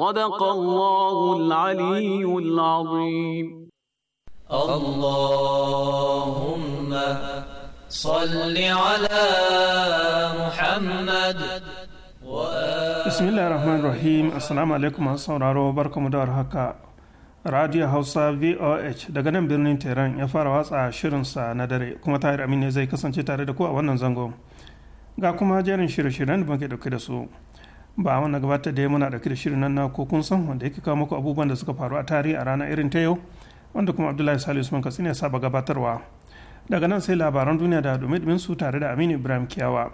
صدق الله العلي العظيم اللهم صل على محمد bismillah rahman rahim assalamu alaikum masu sauraro barkamu da haka radio hausa voh daga nan birnin tehran ya fara watsa shirinsa na dare kuma tahir amin ne zai kasance tare da ku a wannan zango ga kuma jerin shirye-shiryen da muke dauke da su ba wanda gabatar da muna ɗauki da shirin nan na ko kun san wanda yake kawo muku abubuwan da suka faru a tarihi a ranar irin ta yau wanda kuma abdullahi salisu usman katsina ya saba gabatarwa daga nan sai labaran duniya da dumi su tare da aminu ibrahim kiyawa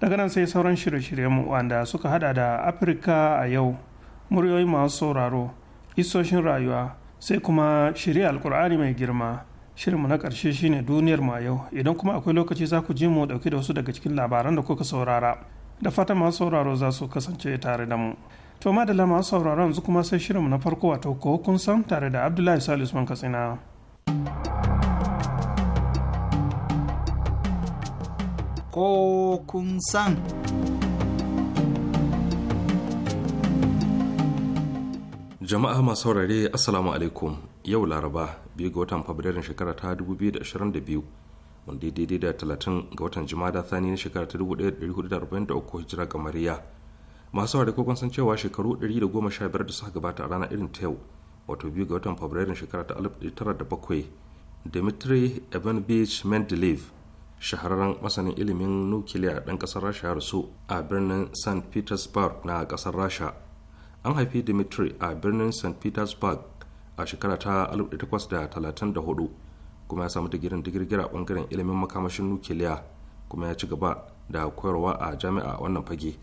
daga nan sai sauran shirye-shiryenmu wanda suka hada da afirka a yau muryoyi masu sauraro isoshin rayuwa sai kuma shirya alkur'ani mai girma shirinmu na ƙarshe shine duniyar ma yau idan kuma akwai lokaci za ku ji mu dauke da wasu daga cikin labaran da kuka saurara da fata masu sauraro za su kasance tare da mu to ma da lama sauraro yanzu kuma sai shirinmu na farko wato ko kun san tare da abdullahi salisu man katsina ko kun san jama'a masu saurare assalamu alaikum yau laraba biyu ga watan fabrairun shekara ta 2022 wanda daidai da 30 ga watan jimada thani na shekara ta 1443 hijira kamariya masu ware kokon san cewa shekaru 115 da suka gabata a ranar irin ta yau wato biyu ga watan fabrairun shekara ta 1907 dimitri ivanovich mendeleev shahararren masanin ilimin nukiliya ɗan ƙasar rasha rasu a birnin st petersburg na ƙasar rasha an haifi dimitri a birnin st petersburg a shekara ta 1834 kuma ya samu digirin digirgira a bangaren ilimin makamashin nukiliya kuma ya ci gaba da koyarwa a jami'a wannan fage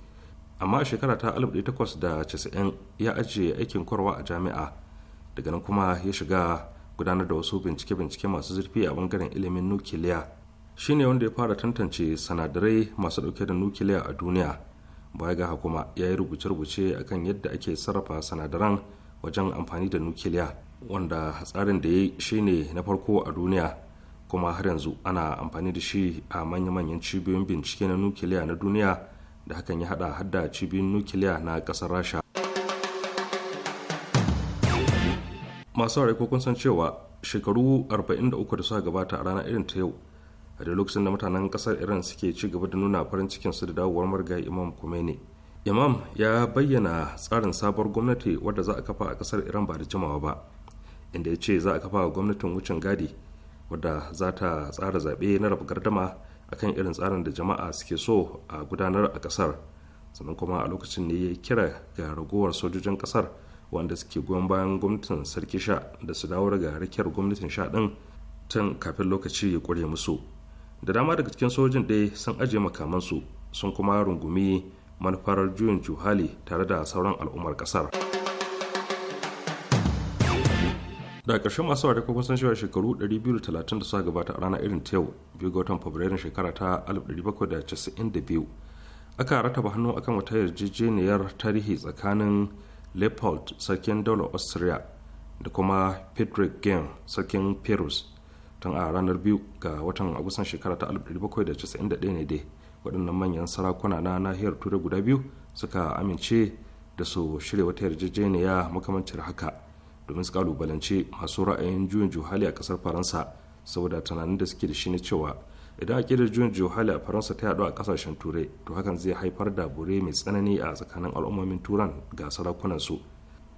amma a shekara ta 1890 ya ajiye aikin koyarwa a jami'a daga nan kuma ya shiga gudanar da wasu bincike-bincike masu zurfi a bangaren ilimin nukiliya shine wanda ya fara tantance sanadarai masu dauke da nukiliya a duniya baya ga kuma ya yi rubuce-rubuce akan yadda ake sarrafa sanadaran wajen amfani da nukiliya wanda tsarin da ya yi shine na farko a duniya kuma har yanzu ana amfani da shi a manya-manyan cibiyoyin bincike na nukiliya na duniya da hakan ya hada hadda cibiyoyin nukiliya na kasar rasha masu harai kun san cewa shekaru 43 da suka gabata a ranar irin ta yau a duk lokacin da mutanen kasar iran suke ci gaba da nuna farin su da dawowar marga imam kumene imam ya bayyana tsarin sabuwar gwamnati wadda za a kafa a kasar iran ba da jimawa ba inda ya ce za a kafa gwamnatin wucin gadi wadda za ta tsara zaɓe na raba gardama a kan irin tsarin da jama'a suke so a gudanar a ƙasar sannan kuma a lokacin ne ya kira ga ragowar sojojin ƙasar wanda suke goyon bayan gwamnatin sarki sha da su dawo daga rakiyar gwamnatin sha ɗin tun kafin lokaci ya ƙure musu da dama daga cikin sojojin ɗaya sun ajiye makamansu sun kuma rungumi manufar juyin juhali tare da sauran al'ummar ƙasar. da ƙarshen masu ware kuma san cewa shekaru 230 da suka gabata a ranar irin ta yau biyu ga watan fabrairun shekara ta 1792 aka rataba hannu akan wata yarjejeniyar tarihi tsakanin leopold sarkin daular austria da kuma patrick game sarkin perus tun a ranar biyu ga watan agusan shekara ta 1791 ne dai waɗannan manyan sarakuna na nahiyar turai guda biyu suka amince da su shirya wata yarjejeniya makamancin haka domin su kalubalance masu ra'ayin juyin juhali a kasar faransa saboda tunanin da suke da shi ne cewa idan akidar juyin juhali a faransa ta yaɗu a kasashen turai to hakan zai haifar da bure mai tsanani a tsakanin al'ummomin turan ga sarakunansu. su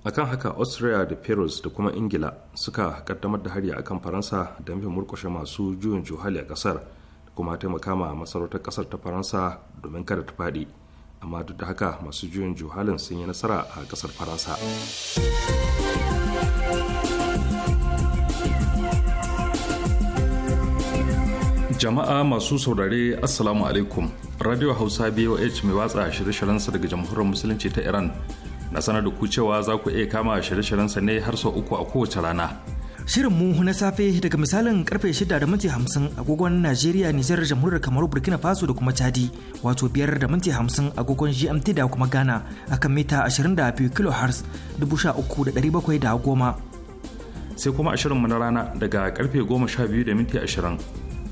akan haka austria da paris da kuma ingila suka kaddamar da hari akan faransa da nufin murkushe masu juyin juhali a kasar kuma taimaka ma masarautar kasar ta faransa domin kada ta fadi amma duk da haka masu juyin juhalin sun yi nasara a kasar faransa jama'a masu saurare assalamu alaikum radio hausa boh mai watsa shirye sa daga jamhuriyar musulunci ta iran na sanar da ku cewa za ku iya kama shirye sa ne har sau uku a kowace rana Shirinmu na safe daga misalin karfe shida da minti 50 agogon Najeriya, Nijar, Jamhuriyar Kamaru, Burkina Faso da kuma Chadi, wato biyar da minti 50 agogon GMT da kuma Ghana akan mita 22 da 13,710. Sai kuma a shirinmu na rana daga karfe goma sha 12 da minti ashirin.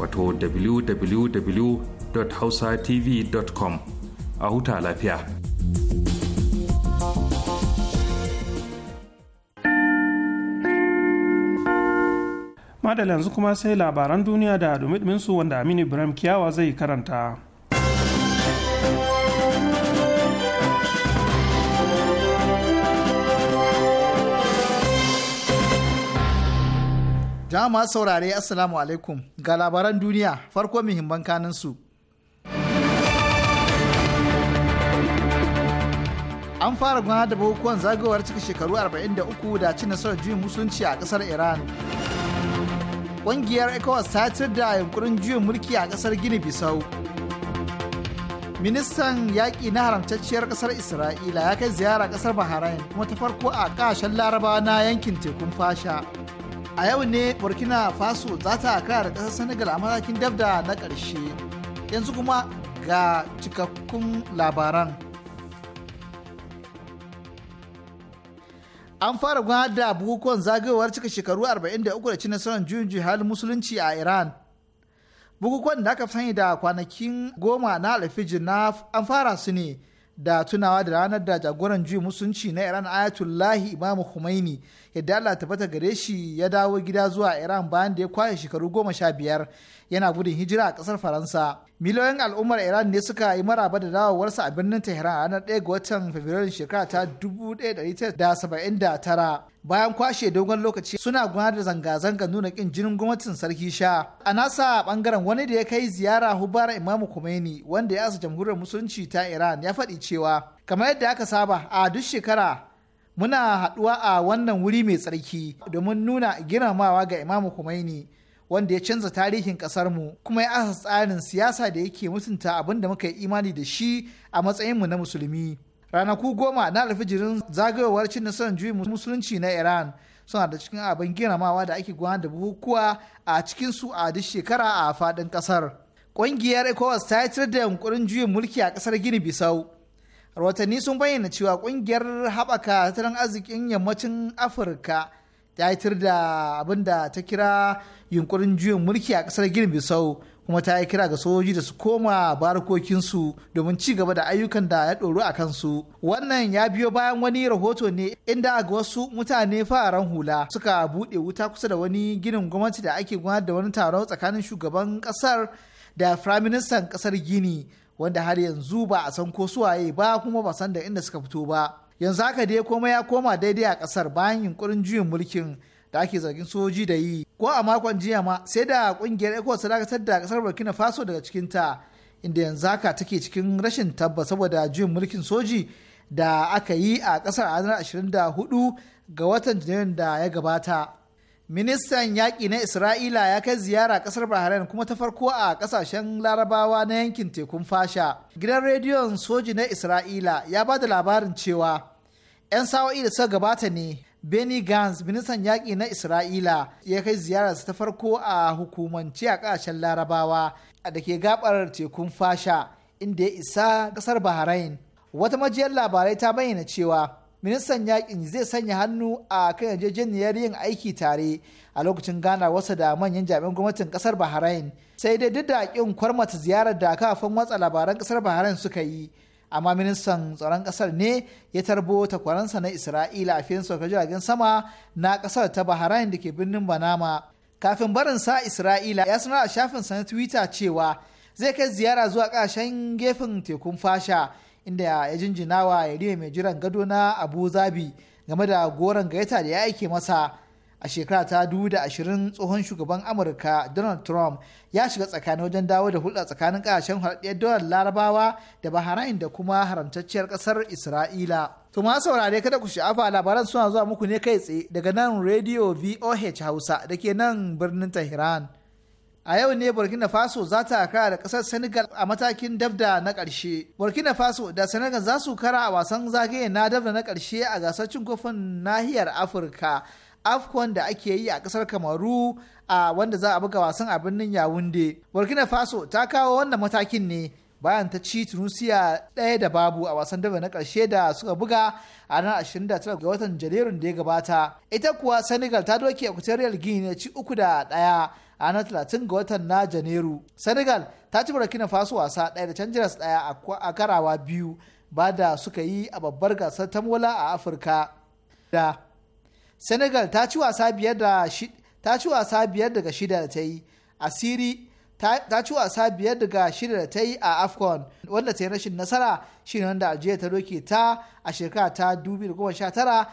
wato www.hausatv.com a huta lafiya. Madalla yanzu kuma sai labaran duniya da dumi su wanda Aminu Ibrahim Kiyawa zai karanta. Jama'a masu saurare Assalamu alaikum ga labaran duniya farko muhimman kanin su. An fara gudanar da bukukuwan zagayowar cika shekaru 43 da ci nasarar juyin musulunci a kasar Iran. Ƙungiyar ECOWAS ta da yunkurin juyin mulki a kasar Gini Bisau. Ministan yaƙi na haramtacciyar ƙasar Isra'ila ya kai ziyara ƙasar Bahrain kuma ta farko a kashen larabawa na yankin tekun fasha. a yau ne burkina faso za ta kara da ƙasar senegal a matakin dabda na ƙarshe yanzu kuma ga cikakkun labaran an fara gudanar da bukukuwan zagayowar cika shekaru 43 da ci nasarar juyin jihar musulunci a iran bukukuwan da aka sani da kwanakin goma na alfijir na an fara su ne da tunawa da ranar da jagoran juyin musunci na iran ayatullahi imamu Khomeini yadda allah tabbata gare shi ya dawo gida zuwa iran bayan da ya kwashe shekaru goma sha biyar yana gudun hijira a kasar faransa miliyoyin al'ummar iran ne suka yi maraba da dawowarsa a birnin tehran a ranar 1 ga watan fabrairun shekara ta 1979 bayan kwashe dogon lokaci suna gudanar da zanga-zanga nuna kin jinin gwamnatin sarki sha a nasa bangaren wani da ya kai ziyara hubara imamu khomeini wanda ya asa jamhuriyar musulunci ta iran ya faɗi cewa kamar yadda aka saba a duk shekara muna haɗuwa a wannan wuri mai tsarki domin nuna girmamawa ga imamu khomeini wanda ya canza tarihin ƙasarmu kuma ya asa tsarin siyasa da yake mutunta abin da muka yi imani da shi a matsayinmu na musulmi. Ranaku goma na alfijirin zagayowar cin nasarar juyin musulunci na Iran suna da cikin abin giramawa da ake gudanar da bukukuwa a cikin su a duk shekara a faɗin kasar. Ƙungiyar ECOWAS ta yi da yunkurin juyin mulki a ƙasar Gini Bisau. Rahotanni sun bayyana cewa ƙungiyar haɓaka tattalin arzikin yammacin Afirka ta yi da abin da ta kira yunkurin juyin mulki a kasar ginin bisau kuma ta yi kira ga sojoji da su koma barkokinsu domin ci gaba da ayyukan da ya ɗoru a kansu wannan ya biyo bayan wani rahoto ne inda ga wasu mutane fararen hula suka buɗe wuta kusa da wani ginin gwamnati da ake gudanar da wani taro tsakanin shugaban ƙasar da firaministan ƙasar gini wanda har yanzu ba a san ko suwaye ba kuma ba san da inda suka fito ba yanzu haka dai komai ya koma daidai a kasar bayan yunkurin juyin mulkin da ake zargin sojoji da yi ko a makon jiya ma sai da kungiyar ecowas ta dakatar da kasar burkina faso daga cikin ta inda yanzu haka take cikin rashin tabbas saboda juyin mulkin soji da aka yi a kasar a ranar 24 ga watan janairun da ya gabata ministan yaƙi na isra'ila ya kai ziyara ƙasar bahrain kuma ta farko a ƙasashen larabawa na yankin tekun fasha gidan rediyon soji na isra'ila ya ba da labarin cewa 'yan sawa'i da suka gabata ne benny gans ministan yaƙi na isra'ila ya kai ziyararsa ta farko a hukumance a ƙasashen larabawa da ke gabar tekun fasha inda ya isa ƙasar bahrain wata majiyar labarai ta bayyana cewa ministan yakin zai sanya hannu a kan yarjejeniyar yin aiki tare a lokacin ganawarsa da manyan jami'an gwamnatin kasar bahrain sai dai duk da kin kwarmata ziyarar da kafin watsa labaran kasar bahrain suka yi amma ministan tsaron kasar ne ya tarbo takwaransa na isra'ila a filin saukar jiragen sama na kasar ta bahrain da ke birnin banama kafin barin sa isra'ila ya sanar a shafinsa na twitter cewa zai kai ziyara zuwa kashen gefen tekun fasha inda ya jinjinawa ya yariya mai jiran gado na abu zabi game da goron gaita da ya aike masa a shekara ta da ashirin tsohon shugaban amurka donald trump ya shiga tsakanin wajen dawo da hulɗa tsakanin ƙasashen harɗiyar dolar larabawa da bahrain da kuma haramtacciyar ƙasar isra'ila to ma saurare kada ku sha'afa labaran suna zuwa muku ne kai tsaye daga nan radio voh hausa da ke nan birnin tehran a yau ne burkina faso za ta kara da kasar senegal a matakin dabda na karshe burkina faso da senegal za su kara a wasan zagaye na dabda na karshe a gasar cin kofin nahiyar afirka afcon da ake yi a kasar kamaru a wanda za a buga wasan a birnin yawunde burkina faso ta kawo wannan matakin ne bayan ta ci tunisia ɗaya da babu a wasan dabda na karshe da suka buga a ranar 29 ga watan janairun da ya gabata ita kuwa senegal ta doke equatorial guinea ci uku da ɗaya a ranar 30 ga watan na janairu senegal ta ci burkina faso wasa ɗaya da canjiras ɗaya a karawa biyu ba da suka yi a babbar gasar tamwala a afirka da senegal ta ci wasa biyar daga shida da ta yi siri ta ci wasa biyar daga shida da ta yi a afcon wanda ta yi rashin nasara shi ne wanda algeria ta doke ta a shekara ta 2019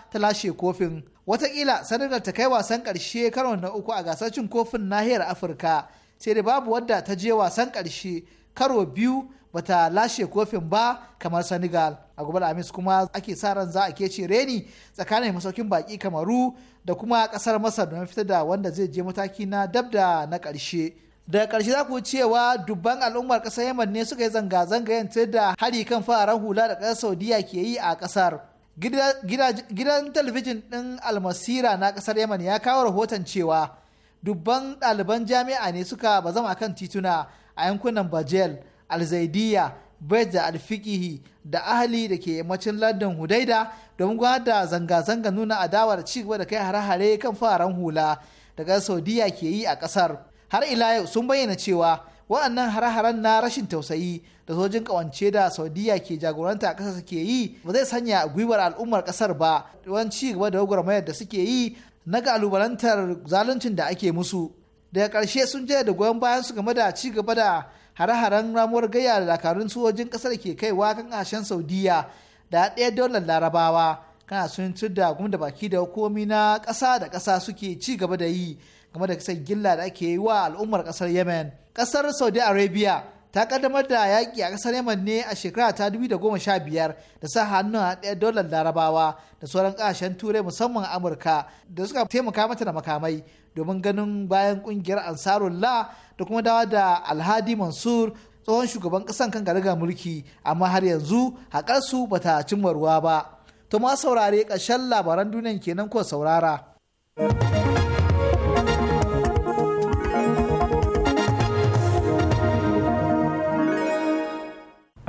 ta lashe kofin wataƙila sanadar ta kai wasan ƙarshe karo na uku a gasar cin kofin nahiyar afirka sai da babu wadda ta je wasan ƙarshe karo biyu bata lashe kofin ba kamar senegal a gobe alhamis kuma ake sa ran za a kece reni tsakanin masaukin baki kamaru da kuma ƙasar masar don fitar da wanda zai je mataki na dabda na karshe daga karshe za ku cewa dubban al'ummar ƙasar yaman ne suka yi zanga-zanga yanta da hari kan fararen hula da ƙasar saudiya ke yi a ƙasar. gidan talabijin ɗin almasira na ƙasar yaman ya kawo rahoton cewa dubban ɗaliban jami'a ne suka bazama kan tituna a yankunan bajel alzaidiya bai da alfikihi da ahali da ke yammacin lardin hudaida domin da zanga-zanga nuna adawar ci cigaba da kai hare-hare kan fararen hula daga saudiya ke yi a ƙasar har ila yau sun bayyana cewa waɗannan hare-haren na rashin tausayi da sojin ƙawance da saudiya ke jagoranta a ƙasar suke yi ba zai sanya gwiwar al'ummar ƙasar ba wani ci gaba da gwagwarmayar da suke yi na kalubalantar zaluncin da ake musu daga karshe sun je da goyon bayan su game da ci gaba da hare-haren ramuwar gaya da dakarun sojin ƙasar ke kaiwa kan ƙasashen saudiya da ɗaya dolar larabawa kana sun da gum baki da hukumomi na ƙasa da ƙasa suke ci gaba da yi game da kasar gilla da ake yi wa al'ummar kasar yemen kasar saudi arabia ta kaddamar da yaƙi a kasar yemen ne a shekara ta 2015 da goma sha biyar da sa hannun ɗaya dolar larabawa da sauran ƙasashen turai musamman amurka da suka taimaka mata da makamai domin ganin bayan ƙungiyar ansarullah da kuma dawa da alhadi mansur tsohon shugaban ƙasar kan ga mulki amma har yanzu haƙarsu ta cimma ruwa ba to ma saurare ƙarshen labaran duniyan kenan ko saurara.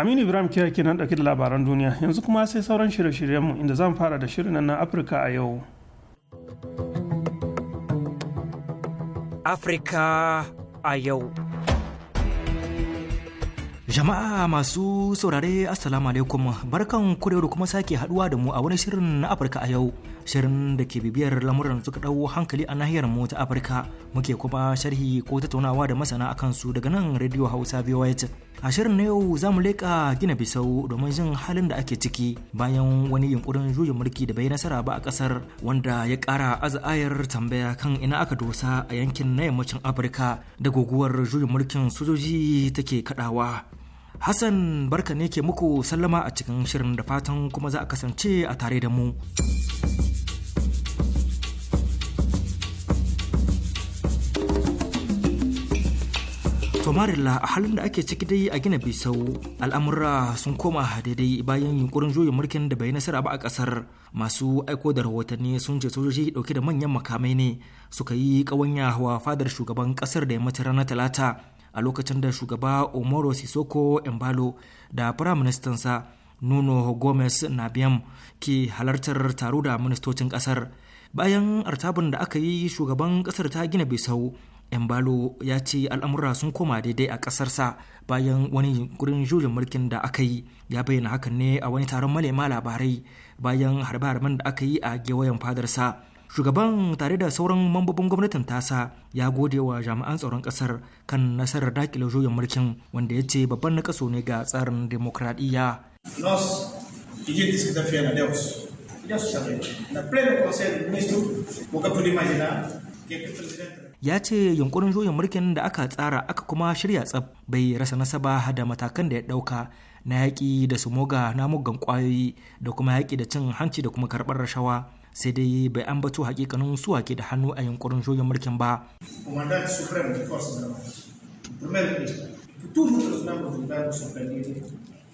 aminu ibrahim kira kenan ɗauki da labaran duniya yanzu kuma sai sauran shirye-shiryenmu inda zan fara da shirin na afirka a yau afirka a yau Jama'a masu saurare Assalamu alaikum barkan kureru kuma sake haduwa da mu a wani shirin na Afirka a yau shirin da ke bibiyar lamuran suka ɗau hankali a nahiyar mu ta Afirka muke kuma sharhi ko tattaunawa da masana akan su daga nan Radio Hausa VOH a shirin na yau za mu leƙa gina bisau domin jin halin da ake ciki bayan wani yunkurin juya mulki da bai nasara ba a ƙasar wanda ya ƙara aza'ayar tambaya kan ina aka dosa a yankin na yammacin afirka da guguwar juya mulkin sojoji take kaɗawa hassan barka ne ke muku sallama a cikin shirin da fatan kuma za a kasance a tare da mu. somarila a halin da ake ciki dai a gina bisau al'amura sun koma daidai bayan yunkurin juyin mulkin da bai nasara ba a kasar masu aiko da rahotanni sun ce sojoji dauke da manyan makamai ne suka yi kawanya wa fadar shugaban kasar da ya mace ranar talata a lokacin da shugaba omoro sisoko embalo da firaministansa nuno gomez nabiam ke halartar taro da ministocin kasar bayan artabin da aka yi shugaban kasar ta gina bisau Embalo ya ce al'amurra sun koma daidai a ƙasarsa bayan wani yunkurin juyin mulkin da aka yi ya bayyana hakan ne a wani taron malema labarai bayan harbe-harben da aka yi a gewayen fadarsa shugaban tare da sauran mambobin gwamnatin tasa ya gode wa jami'an tsaron ƙasar kan nasarar dakile juyin mulkin wanda ya ce babban nakaso ne ga tsarin demokradiyya na ya ce yunkurin juyin mulkin da aka tsara aka kuma shirya tsab bai rasa nasaba da matakan da ya ɗauka na yaƙi da su moga na mugan ƙwayoyi da kuma yaƙi da cin hanci da kuma karbar rashawa sai dai bai ambato hakikanin su ke da hannu a yunkurin juyin mulkin ba.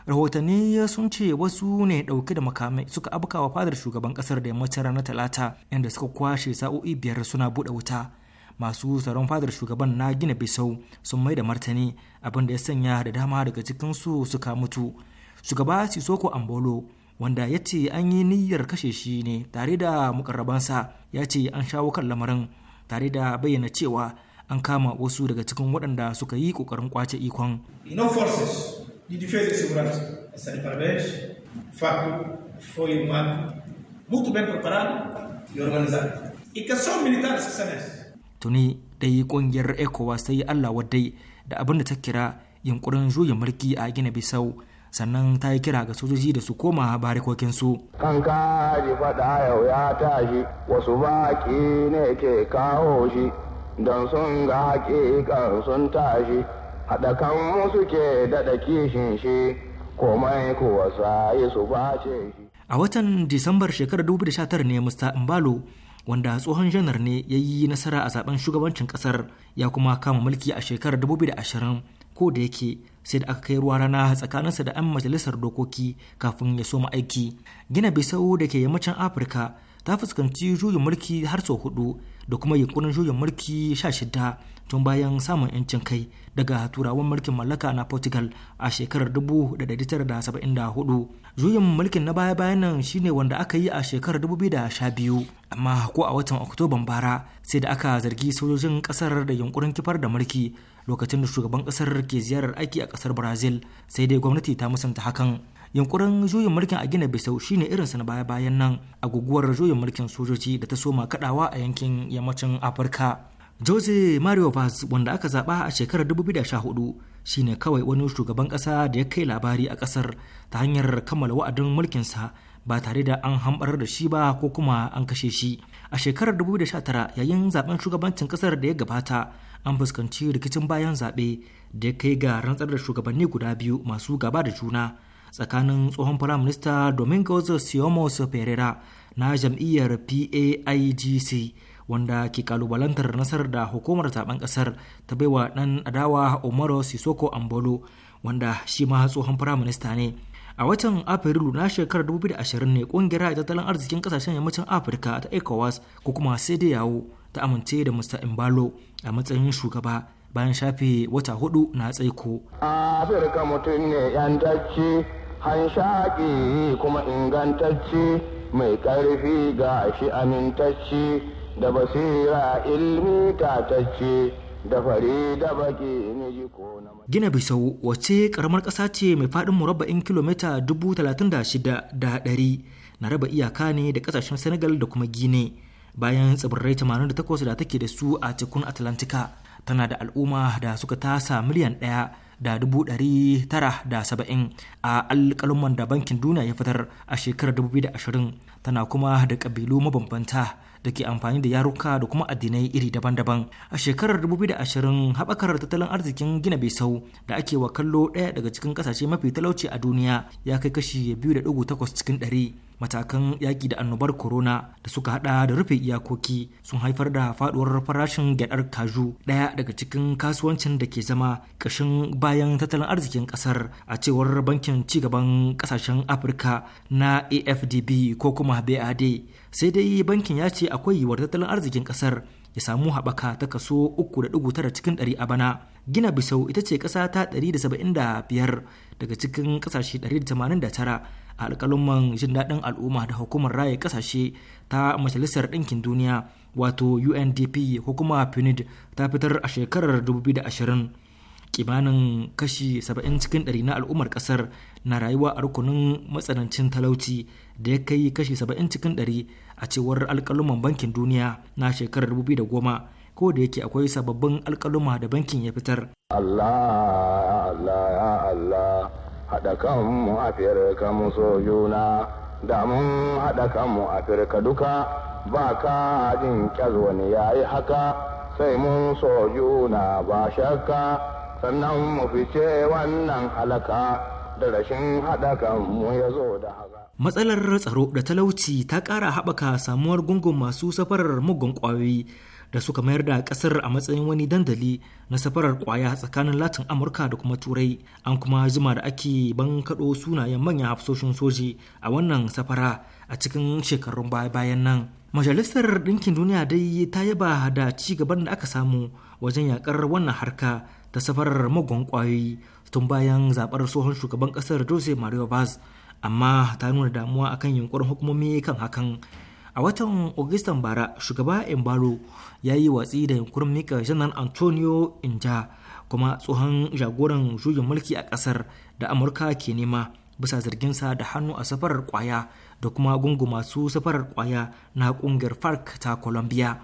rahotanni sun ce wasu ne dauke da makamai suka abuka wa fadar shugaban kasar da yammacin ranar talata inda suka kwashe sa'o'i biyar suna buɗe wuta masu tsaron fadar shugaban na gina bisau sun mai da martani abin da ya sanya da dama daga cikin su suka mutu shugaba sisoko ambolo wanda ya ce an yi niyyar kashe shi ne tare da mukarrabansa ya ce an shawo kan lamarin tare da bayyana cewa an kama wasu daga cikin waɗanda suka yi ƙoƙarin kwace ikon. No forces di difesa e seguranza è stato parvente, fatto, foi tuni yi kungiyar ecowas ta yi allah wadai da abin da ta kira yunkurin juyin mulki a gina bisau sannan ta yi kira ga sojoji da su koma barikokinsu. Kan kaji faɗa yau ya tashi wasu baki ne ke kawo shi don sun ga kan sun tashi haɗakan musu ke daɗa kishin shi komai kuwa sa su bace shi. A watan Disambar shekarar 2019 ne Mr. Mbalo wanda tsohon janar ne ya yi nasara a zaben shugabancin kasar ya kuma kama mulki a shekarar 2020 ko da yake sai da aka kai ruwa rana tsakaninsa da 'yan majalisar dokoki kafin ya soma aiki gina bisau da ke yammacin afirka ta fuskanci juyin mulki har sau hudu da kuma yunkurin juyin mulki sha shida tun bayan samun yancin kai daga turawan mulkin mallaka na portugal a shekarar 1974 juyin mulkin na baya-bayan nan shine wanda aka yi a shekarar 2012 amma ko a watan oktoban bara sai da aka zargi sojojin kasar da yunkurin kifar da mulki lokacin da shugaban kasar ke ziyarar aiki a kasar brazil sai dai gwamnati ta musanta hakan yunkurin juyin mulkin a gina bisau shine irinsa na baya-bayan nan a guguwar juyin mulkin sojoji da ta soma kadawa a yankin yammacin afirka jose mario vaz wanda aka zaba a shekarar 2014 shine kawai wani shugaban kasa da ya kai labari a kasar ta hanyar kammala wa'adin mulkinsa ba tare da an hambarar da shi ba ko kuma an kashe shi a shekarar 2019 yayin zaben shugabancin kasar da ya gabata an fuskanci rikicin bayan zaɓe da ya kai ga rantsar da shugabanni guda biyu masu gaba da juna tsakanin tsohon firaminista domingos siomos pereira na jam'iyyar paigc wanda ke kalubalantar nasarar da hukumar zaben kasar ta baiwa dan adawa omaro sisoko ambolo wanda shi ma tsohon firaminista ne a watan afrilu na shekarar 2020 ne kungiyar tattalin arzikin kasashen yammacin afirka ta ecowas ko kuma sai yawo ta amince da mr imbalo a matsayin shugaba bayan shafe wata hudu na tsaiko afirka mutum ne yantacce hanshaƙi kuma ingantacce mai ƙarfi ga shi amintacce da basira ilmi tatacce Gina Bisau wace karamar ƙasa ce mai faɗin murabba'in kilomita 36,100 na raba iyaka ne da ƙasashen Senegal da kuma Gine bayan tsibirai 88 da take da su a cikin Atlantika tana da al'umma da suka tasa miliyan ɗaya da dubu ɗari tara da saba'in a alƙaluman da bankin duniya ya fitar a shekarar 2020 tana kuma da ƙabilu mabambanta da ke amfani da yaruka da kuma addinai iri daban-daban a shekarar 2020 haɓakar tattalin arzikin gina bisau da ake wa kallo ɗaya daga cikin ƙasashe mafi talauci a duniya ya kai kashi 2.8 cikin ɗari. matakan yaƙi da annobar corona da suka hada da rufe iyakoki sun haifar da faduwar farashin gyadar kaju ɗaya daga cikin kasuwancin da ke zama ƙashin bayan tattalin arzikin ƙasar a cewar bankin cigaban ƙasashen afirka na afdb ko kuma bad sai dai bankin ya ce akwai yiwuwar tattalin arzikin ƙasar ya samu haɓaka ta kaso 3.9 cikin 100 a bana gina bisau ita ce ƙasa ta 175 daga cikin ƙasashe 189 a alƙaluman jin daɗin al'umma da hukumar raye ƙasashe ta majalisar ɗinkin duniya wato undp ko kuma ta fitar a shekarar 2020 kimanin kashi 70 cikin 100 na al'ummar ƙasar na rayuwa a rukunin matsanancin talauci da ya kai kashi 70 cikin 100 a cewar alƙaluman bankin duniya na shekarar 2010 ko da yake akwai sababbin alkaluma da bankin ya fitar Allah Allah Allah haɗa kanmu afirka mu so juna da mun haɗa kanmu a ka duka ba ka jin wani ya yi haka sai mun so juna ba shakka sannan mu fice wannan halaka da rashin haɗa kanmu ya zo da haka. Matsalar tsaro da talauci ta ƙara haɓaka samuwar gungun masu safarar mugun ƙwayoyi da suka mayar da kasar a matsayin wani dandali na safarar kwaya tsakanin latin amurka da kuma turai an kuma jima da ake ban kaɗo sunayen manyan hafsoshin soji a wannan safara a cikin shekarun baya-bayan nan majalisar ɗinkin duniya dai ta yaba da ci gaban da aka samu wajen yakar wannan harka ta safarar magon kwayoyi tun bayan zaɓar tsohon shugaban ƙasar jose mario vaz amma ta nuna damuwa akan yunkurin hukumomi kan hakan a watan augustan bara shugaba embaro ya yi watsi da yunkurin mika janar antonio inja kuma tsohon jagoran juyin mulki a kasar da amurka ke nema bisa zarginsa da hannu a safarar kwaya da kuma gungu masu safarar kwaya na kungiyar farc ta colombia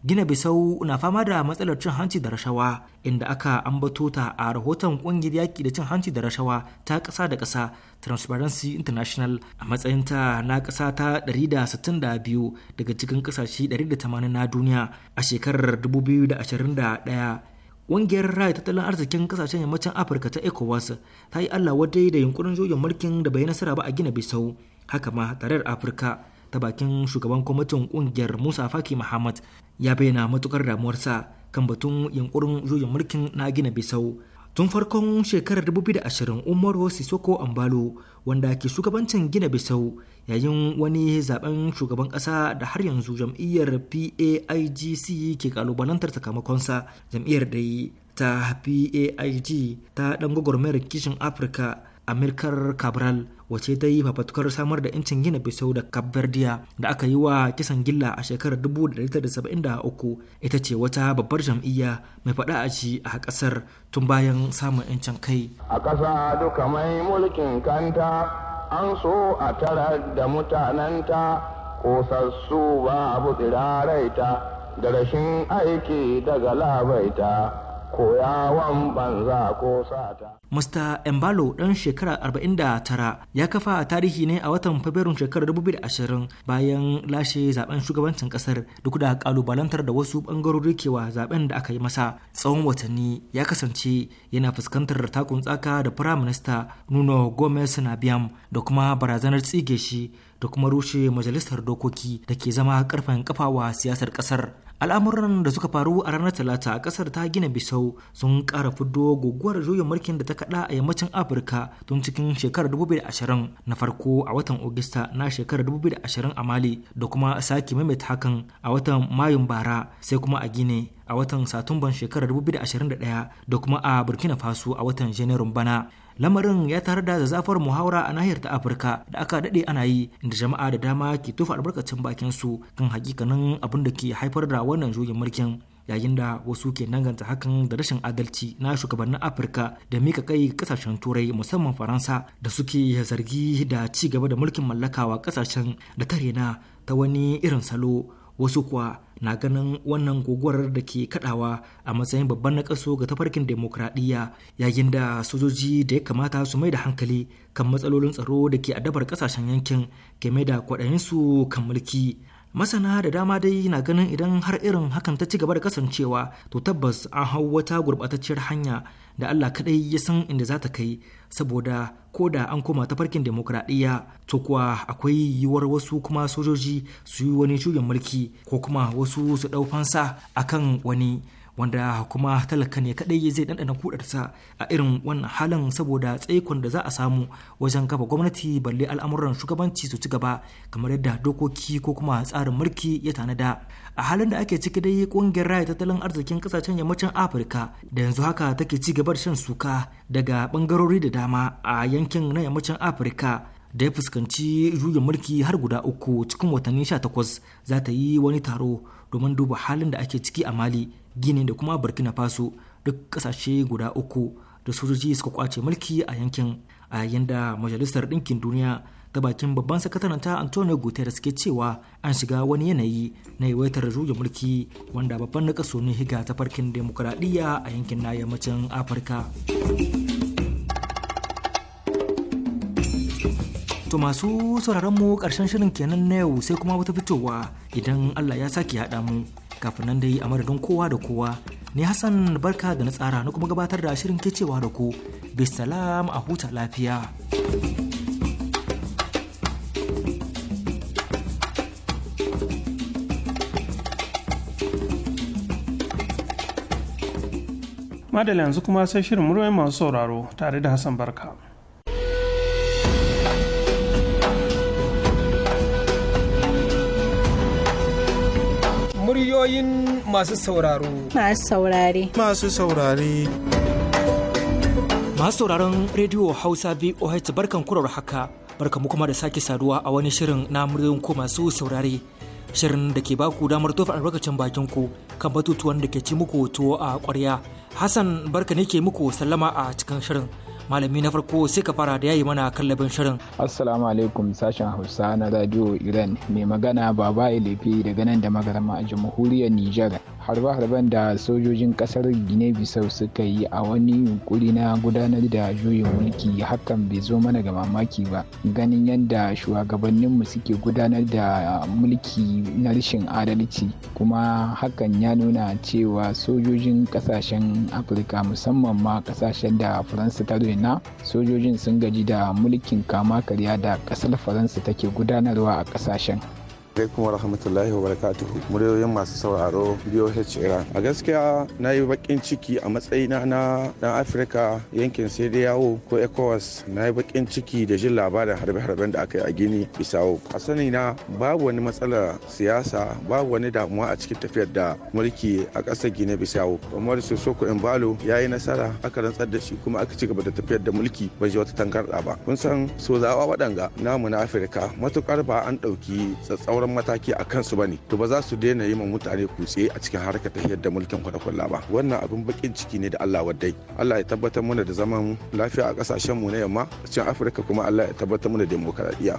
Gina Bisau na fama da matsalar cin hanci da rashawa inda aka ambato ta a rahoton ƙungiyar yaki da cin hanci da rashawa ta kasa da kasa Transparency International a matsayin ta na ƙasa ta 162 daga cikin ƙasashe 180 na duniya a shekarar 2021. Ƙungiyar raya tattalin arzikin ƙasashen yammacin Afirka ta ECOWAS ta yi Allah wadai da yunkurin juyin mulkin da bai nasara ba a Gina Bisau haka ma tarayyar Afirka ta bakin shugaban kwamitin kungiyar musa faki muhammad ya bayyana matukar damuwarsa kan batun yunkurin juyin mulkin na gina bisau tun farkon shekarar 2020 umaru sisoko ambalo wanda ke shugabancin gina bisau yayin wani zaben shugaban kasa da har yanzu jam'iyyar paigc ke kalubalantar sakamakonsa jam'iyyar da ta paig ta dan gwagwarmayar kishin afirka amurkar cabral wace ta yi fafatukar samar da incin gina bisau da verdea da aka yi wa kisan gilla a shekarar 1973 ita ce wata babbar jam'iyya mai faɗa a ci a ƙasar tun bayan samun incin kai a ƙasa duka mai mulkin kanta an so a tara da mutanenta kosassu babu ta da rashin aiki daga labaita mista banza ko sata. Mr. Embalo ɗan shekara 49 ya kafa tarihi ne a watan Fabrairun shekarar 2020 bayan lashe zaben shugabancin kasar duk da kalubalantar da wasu ɓangarori kewa zaben da aka yi masa tsawon watanni ya kasance yana fuskantar takun tsaka da firaminista Nuno Gomez Nabiam da kuma barazanar tsige shi da kuma rushe majalisar dokoki da ke zama karfen kafawa siyasar kasar al'amuran da suka faru a ranar talata a kasar ta gina bisau sun kara fiddo guguwar juyin mulkin da ta kada a yammacin afirka tun cikin shekarar 2020 na farko a watan ogista na shekarar 2020 a mali da kuma sake maimaita hakan a watan mayun bara sai kuma a gine a watan satumban shekarar 2021 da kuma a burkina faso a watan janairun bana lamarin ya tarar da zafar muhawara a nahiyar ta afirka da aka daɗe ana yi inda jama'a da dama ke tufa albarkacin bakin su kan hakikanin abin da ke haifar da wannan juyin mulkin yayin da wasu ke danganta hakan da rashin adalci na shugabannin afirka da mika kai kasashen turai musamman faransa da suke zargi da ci gaba da mulkin mallakawa kasashen da tare na ta wani irin salo wasu kuwa na ganin wannan guguwar da ke kadawa a matsayin babban kaso ga tafarkin demokradiyya yayin da sojoji da ya kamata su mai da hankali kan matsalolin tsaro da ke adabar kasashen yankin ke mai da kwaɗayinsu kan mulki masana da dama dai na ganin idan har irin hakan ta ci gaba da kasancewa to tabbas an hau wata gurɓatacciyar hanya da allah kaɗai ya san inda za ta kai saboda ko da an koma tafarkin demokradiyya to kuwa akwai yiwuwar wasu kuma sojoji su yi wani shugin mulki ko kuma wasu su ɗau fansa akan wani wanda kuma talaka ne kadai zai ɗanɗana kudarsa a irin wannan halin saboda tsaikon da za a samu wajen kafa gwamnati balle al'amuran shugabanci su ci gaba kamar yadda dokoki ko kuma tsarin mulki ya tanada a halin da ake ciki dai kungiyar raya tattalin arzikin kasashen yammacin afirka da yanzu haka take ci gaba da shan suka daga bangarori da dama a yankin na yammacin afirka da ya fuskanci juyin mulki har guda uku cikin watanni 18 za ta yi wani taro domin duba halin da ake ciki a mali gini da kuma burkina faso duk kasashe guda uku da sojoji suka kwace mulki a yankin a yayin da majalisar ɗinkin duniya ta bakin babban sakataren ta antonio guterres ke cewa an shiga wani yanayi na yawaitar juya mulki wanda babban na kaso ne higa ta farkin demokuraɗiyya a yankin na yammacin afirka To masu sauraron mu ƙarshen shirin kenan na yau sai kuma wata fitowa idan Allah ya sake haɗa mu kafin nan dai a madadin kowa da kowa ni hassan barka da na tsara na kuma gabatar da shirin kicewa da ku bisalam a huta lafiya madalla yanzu kuma sai shirin murwai masu sauraro tare da hassan barka Muryoyin masu sauraro. Masu saurare. Masu saurare. Masu sauraron rediyo Hausa VOH barkan kurar haka barka mu kuma da sake saduwa a wani shirin na muryoyin ko masu saurare. Shirin da ke baku damar tofa albarkacin bakin ku kan batutuwan da ke ci muku tuwo a ƙwarya. Hassan barka ne ke muku sallama a cikin shirin. malami na farko sai ka fara da yayi mana kallabin shirin assalamu alaikum sashen hausa na radio iran mai magana baba ilifi daga nan da magarama a jamhuriyar nijar harbe-harben da sojojin kasar gine bisau suka yi a wani yunkuri na gudanar da juyin mulki hakan bai zo mana ga mamaki ba ganin yadda shugabanninmu suke gudanar da mulki na rashin adalci kuma hakan ya nuna cewa sojojin kasashen afirka musamman ma kasashen da faransa ta na sojojin sun gaji da mulkin kama karya da kasar faransa take gudanarwa a kasashen alaikum wa rahmatullahi wa barakatuhu muryoyin masu sauraro BOH Iran a gaskiya na yi bakin ciki a matsayina na dan Afirka yankin sai dai yawo ko ECOWAS na yi bakin ciki da jin labarin harbe-harben da aka yi a Gini bisawo a sani na babu wani matsalar siyasa babu wani damuwa a cikin tafiyar da mulki a ƙasar Gini Bisau Umar Sissoko imbalo ya yi nasara aka rantsar da shi kuma aka ci gaba da tafiyar da mulki ba ji wata tangarɗa ba kun san sozawa waɗanga namu na Afirka matuƙar ba an ɗauki tsatsauran ɗaukan mataki a kansu ba ne to ba za su daina yi ma mutane kutse a cikin harkar tafiyar da mulkin kwadakwalla ba wannan abin bakin ciki ne da Allah waddai Allah ya tabbatar mana da zaman lafiya a kasashen mu na yamma cikin Afirka kuma Allah ya tabbatar mana da demokaradiyya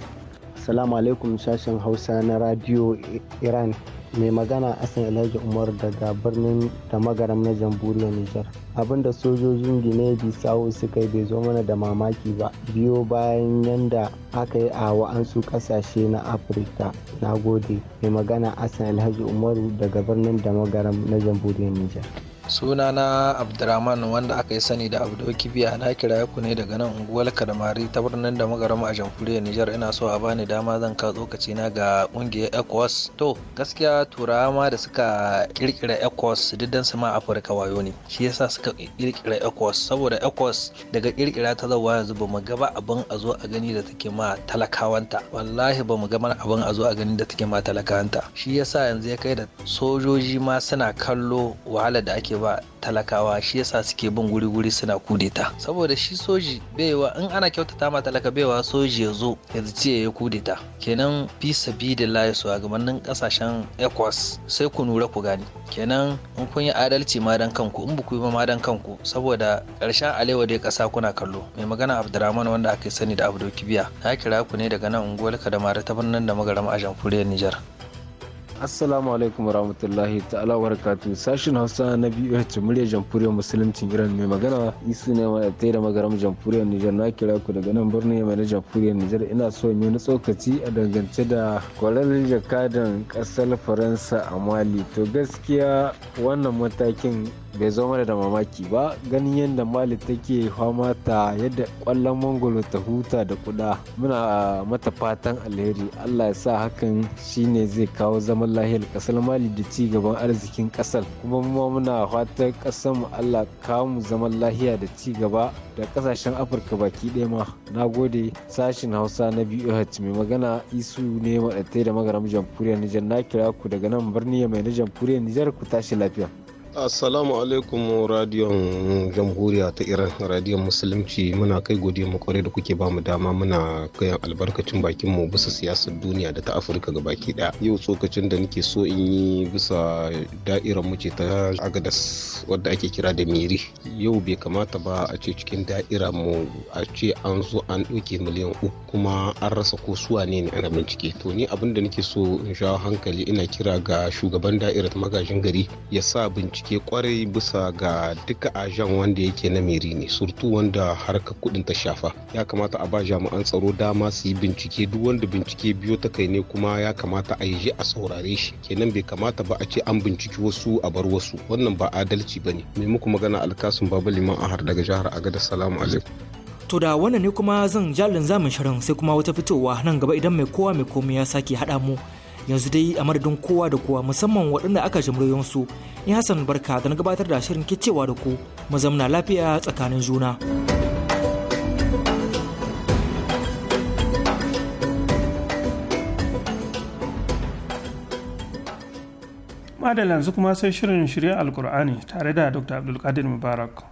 Assalamu alaikum sashen Hausa na Radio Iran mai magana asan ilaji umar daga birnin da magaram na jamhuriyar nijar abinda sojojin gine bisawo suka yi bai zo mana da mamaki ba biyo bayan yanda aka yi a wa'ansu kasashe na afirka na gode mai magana asan alhaji umaru daga birnin da magaram na jamhuriyar nijar sunana abdurrahman wanda aka yi sani da abdoki biya na kira ku ne daga nan unguwar kadamari ta birnin da magarama a jamhuriyar nijar ina so a bani dama zan ka tsokaci na ga kungiyar ecowas to gaskiya turawa ma da suka kirkira ecowas diddan su ma afirka wayo ne shi yasa suka kirkira ecowas saboda ecowas daga kirkira ta zauwa yanzu ba mu gaba abin a zo a gani da take ma talakawanta wallahi ba mu gaba abin a zo a gani da take ma talakawanta shi yasa yanzu ya kai da sojoji ma suna kallo wahala da ake ba talakawa shi yasa suke bin guri guri suna kudeta saboda shi soji baiwa in ana kyautata ma talaka baiwa soji ya zo ya ce ya kudeta kenan fi layi su gabanin kasashen ecos sai ku nura ku gani kenan in kun yi adalci ma dan kanku in ba ku yi ma dan kanku saboda karshen alewa dai kasa kuna kallo mai magana abdurrahman wanda aka sani da abdul kibiya na kira ku ne daga nan unguwar kadamar ta birnin da magarama a jamhuriyar nijar assalamu alaikum warahmatullahi ta'ala barakatu sashin hausa na biyu murya jamhuriyar musuluncin iran mai magana isu ne mai da magaram jamhuriyar niger na kira ku daga nan birnin mai na jamhuriyar niger ina so yi na tsokaci a dangance da kwararren jakadan kasar faransa a mali to gaskiya wannan matakin bai zama mana da mamaki ba ganin yadda mali take fama ta yadda kwallon mangolo ta huta da kuda muna mata fatan alheri allah ya sa hakan shine zai kawo zaman lahiyar kasar mali da ci gaban arzikin kasar kuma mu muna fatan kasar mu allah kawo mu zaman lahiya da ci gaba da kasashen afirka baki ɗaya ma na gode sashin hausa na boh mai magana isu ne maɗatai da magaram jamhuriyar nijar na kira ku daga nan birni mai na jamhuriyar nijar ku tashi lafiya assalamu alaikum radiyon jamhuriya ta iran radiyon musulunci muna kai godiya mu kware da kuke bamu dama muna kayan albarkacin bakin mu bisa siyasar duniya da ta afirka ga baki daya yau tsokacin da nake so in yi bisa da'irar mu ce ta agadas wadda ake kira da miri yau bai kamata ba a ce cikin da'ira mu a ce an zo an ɗauke miliyan uku kuma an rasa ko suwa ne ana bincike to ni abin da nake so in sha hankali ina kira ga shugaban da'irar magajin gari ya sa bincike haske kwarai bisa ga duka ajan wanda yake na meri ne surtu wanda harkar kudin ta shafa ya kamata a ba jami'an tsaro dama su yi bincike duk wanda bincike biyo ta kai ne kuma ya kamata a yi a saurare shi kenan bai kamata ba a ce an binciki wasu a bar wasu wannan ba adalci ba ne mai muku magana alkasun babu liman a har daga jihar agada salamu alaikum to da wannan ne kuma zan jalin zamin shirin sai kuma wata fitowa nan gaba idan mai kowa mai komai ya sake haɗa mu yanzu dai a madadin kowa da kowa musamman waɗanda aka jimriyon su ni hassan barka da na gabatar da shirin kicewa da ku mu zamna lafiya tsakanin juna madalla yanzu kuma sai shirin shirya alkur'ani tare da dr abdulkadir mubarak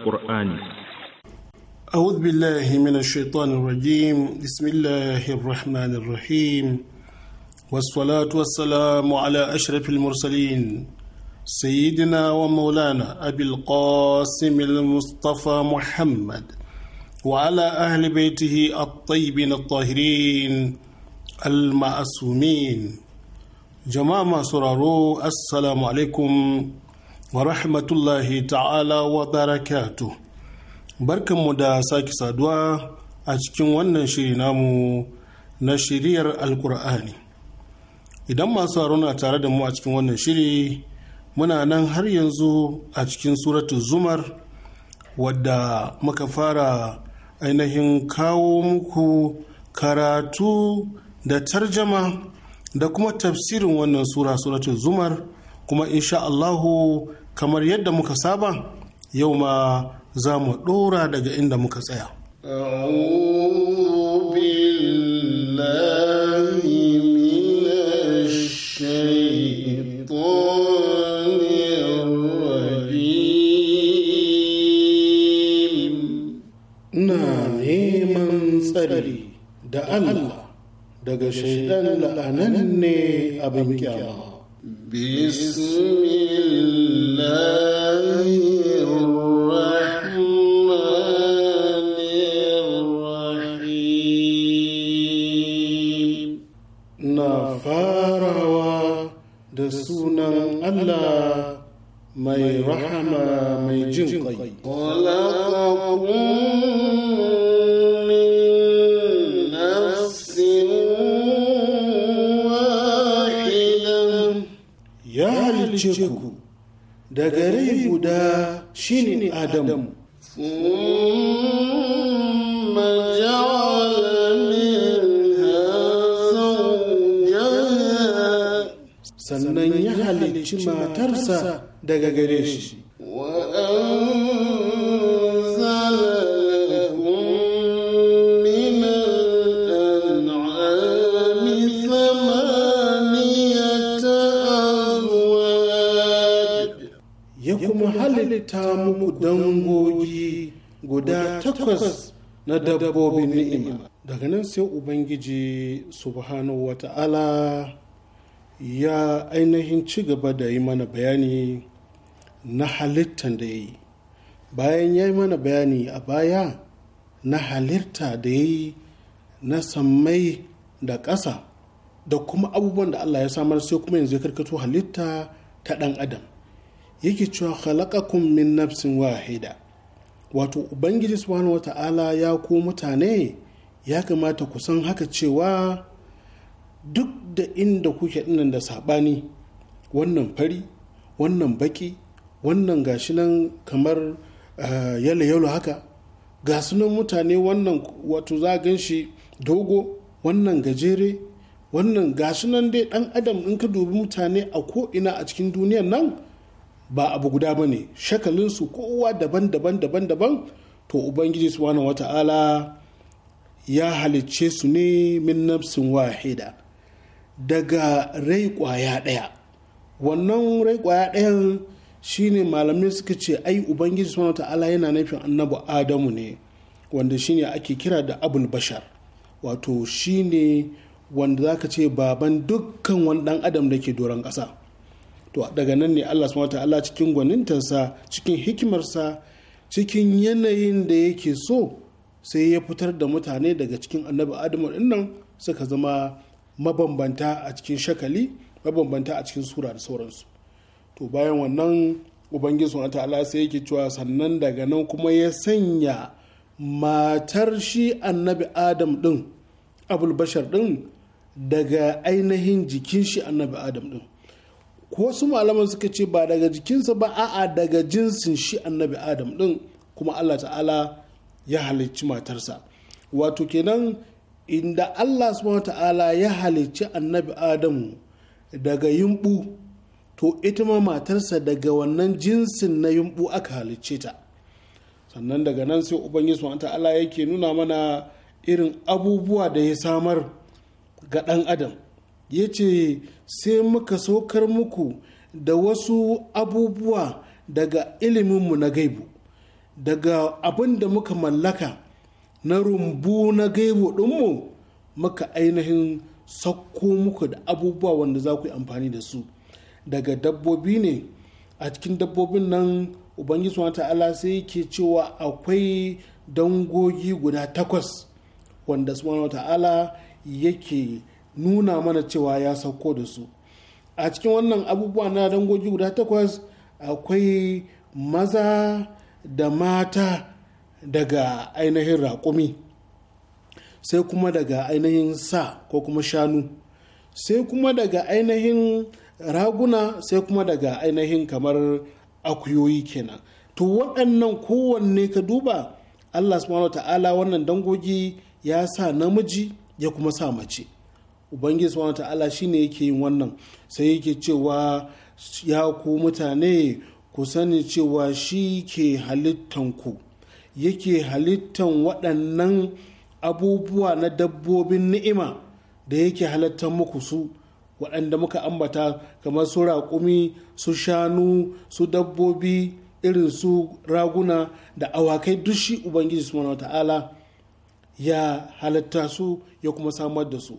القرآن أعوذ بالله من الشيطان الرجيم بسم الله الرحمن الرحيم والصلاة والسلام على أشرف المرسلين سيدنا ومولانا أبي القاسم المصطفى محمد وعلى أهل بيته الطيبين الطاهرين المعصومين جماعة سرارو السلام عليكم wa rahmatullahi ta'ala wa barakatu barkanmu da sake saduwa a cikin wannan shiri namu na shiriyar alkur'ani idan masu haruna tare da mu a cikin wannan shiri muna nan har yanzu a cikin suratu zumar wadda muka fara ainihin kawo muku karatu da tarjama da kuma tafsirin wannan sura suratu zumar kuma insha Allahu kamar yadda muka saba yau ma za mu ɗora daga inda muka tsaya Ina neman tsari da Allah daga shaidan la'anan ne abin kyama. بسم الله الرحمن الرحيم نفاروا دسونا الله ما يرحم ما يجنقي halicce ku daga rai guda shine Adamu. Sannan ya halicci matarsa daga gare shi. takwas na dabbobin ni'ima daga nan sai ubangiji subhanahu wa ta'ala ya ainihin ci gaba da yi mana bayani na halitta da ya yi bayan ya yi mana bayani a baya na halitta da ya yi na sammai da ƙasa da kuma abubuwan da Allah ya samar sai kuma yanzu ya karkato halitta ta ɗan adam yake cewa halakakun min nafsin wahida wato ubangiji subhanahu wata'ala ya ko mutane ya kamata ku san haka cewa duk da inda kuke dinnan da saɓani wannan fari wannan baki wannan gashi nan kamar eh, yalo yalo haka ga sunan mutane wannan wato za gan shi dogo wannan gajere wannan gashi nan dai dan adam in ka dubi mutane a ko'ina a cikin duniyar nan ba abu guda ba ne shakalinsu kowa daban-daban daban-daban to ubangiji subhanahu wata'ala ya halicce su ne min nafsin wahida daga rai kwaya ɗaya wannan rai kwaya ɗayan shine malamai suka ce ai ubangiji subhanahu wata'ala yana nufin annabi adamu ne wanda shine ake kira da abul bashar wato shine wanda zaka ce baban dukkan wani dan adam da ke doron ƙasa to daga nan ne Allah subhanahu ta'ala cikin gwanintansa cikin hikimarsa cikin yanayin da yake so sai ya fitar da mutane daga cikin annabi adamu dinnan suka zama mabambanta a cikin shakali mabambanta a cikin sura da sauransu to bayan wannan ubangiji subhanahu ta'ala sai yake cewa sannan daga nan kuma ya sanya matar shi annabi adam din abul bashar din daga ainihin jikin shi annabi adam din ko wasu malaman suka ce ba daga jikinsa ba a'a daga jinsin shi annabi adam ɗin kuma allah ta'ala ya halicci matarsa wato kenan inda allah su ta'ala ya halicci annabi adamu daga yumbu to ita ma matarsa daga wannan jinsin na yumbu aka halicce ta sannan daga nan sai ubangiji su ta'ala yake nuna mana irin abubuwa da ya samar ga ɗan adam ya ce sai muka saukar muku da wasu abubuwa daga iliminmu na gaibu daga abin da muka mallaka na rumbu na gaibu ɗinmu muka ainihin sakko muku da abubuwa wanda za ku yi amfani da su daga dabbobi ne a cikin dabbobin nan ubangiji suna ta'ala sai ke cewa akwai dangogi guda takwas wanda suna ta'ala yake nuna mana cewa ya sauko da su a cikin wannan abubuwa na dangogi guda takwas akwai maza da mata daga ainihin raƙumi sai kuma daga ainihin sa ko kuma shanu sai kuma daga ainihin raguna sai kuma daga ainihin kamar akuyoyi kenan to waɗannan kowanne ka duba allah subhanahu ta'ala wannan dangogi ya sa namiji ya kuma sa mace ubangiji wa ta'ala shine yake yin wannan sai yake cewa ya ku mutane ku sani cewa shi ke halittan ku yake halittan waɗannan abubuwa na dabbobin ni'ima da yake halittan muku su waɗanda muka ambata kamar su raƙumi su shanu su dabbobi irin su raguna da awakai duk shi ubangiji wa ta'ala ya halatta su ya kuma samar da su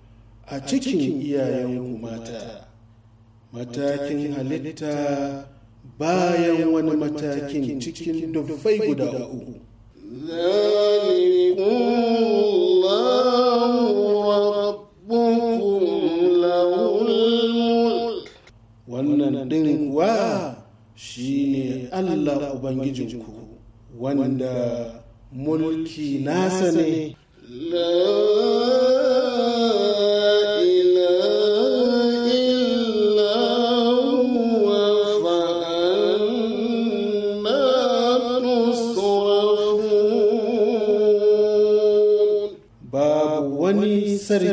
a cikin iyayenku mata matakin halitta bayan wani matakin cikin dufai guda uku wannan ɗin kuwa shi ne allah ubangijinku wanda mulki nasa ne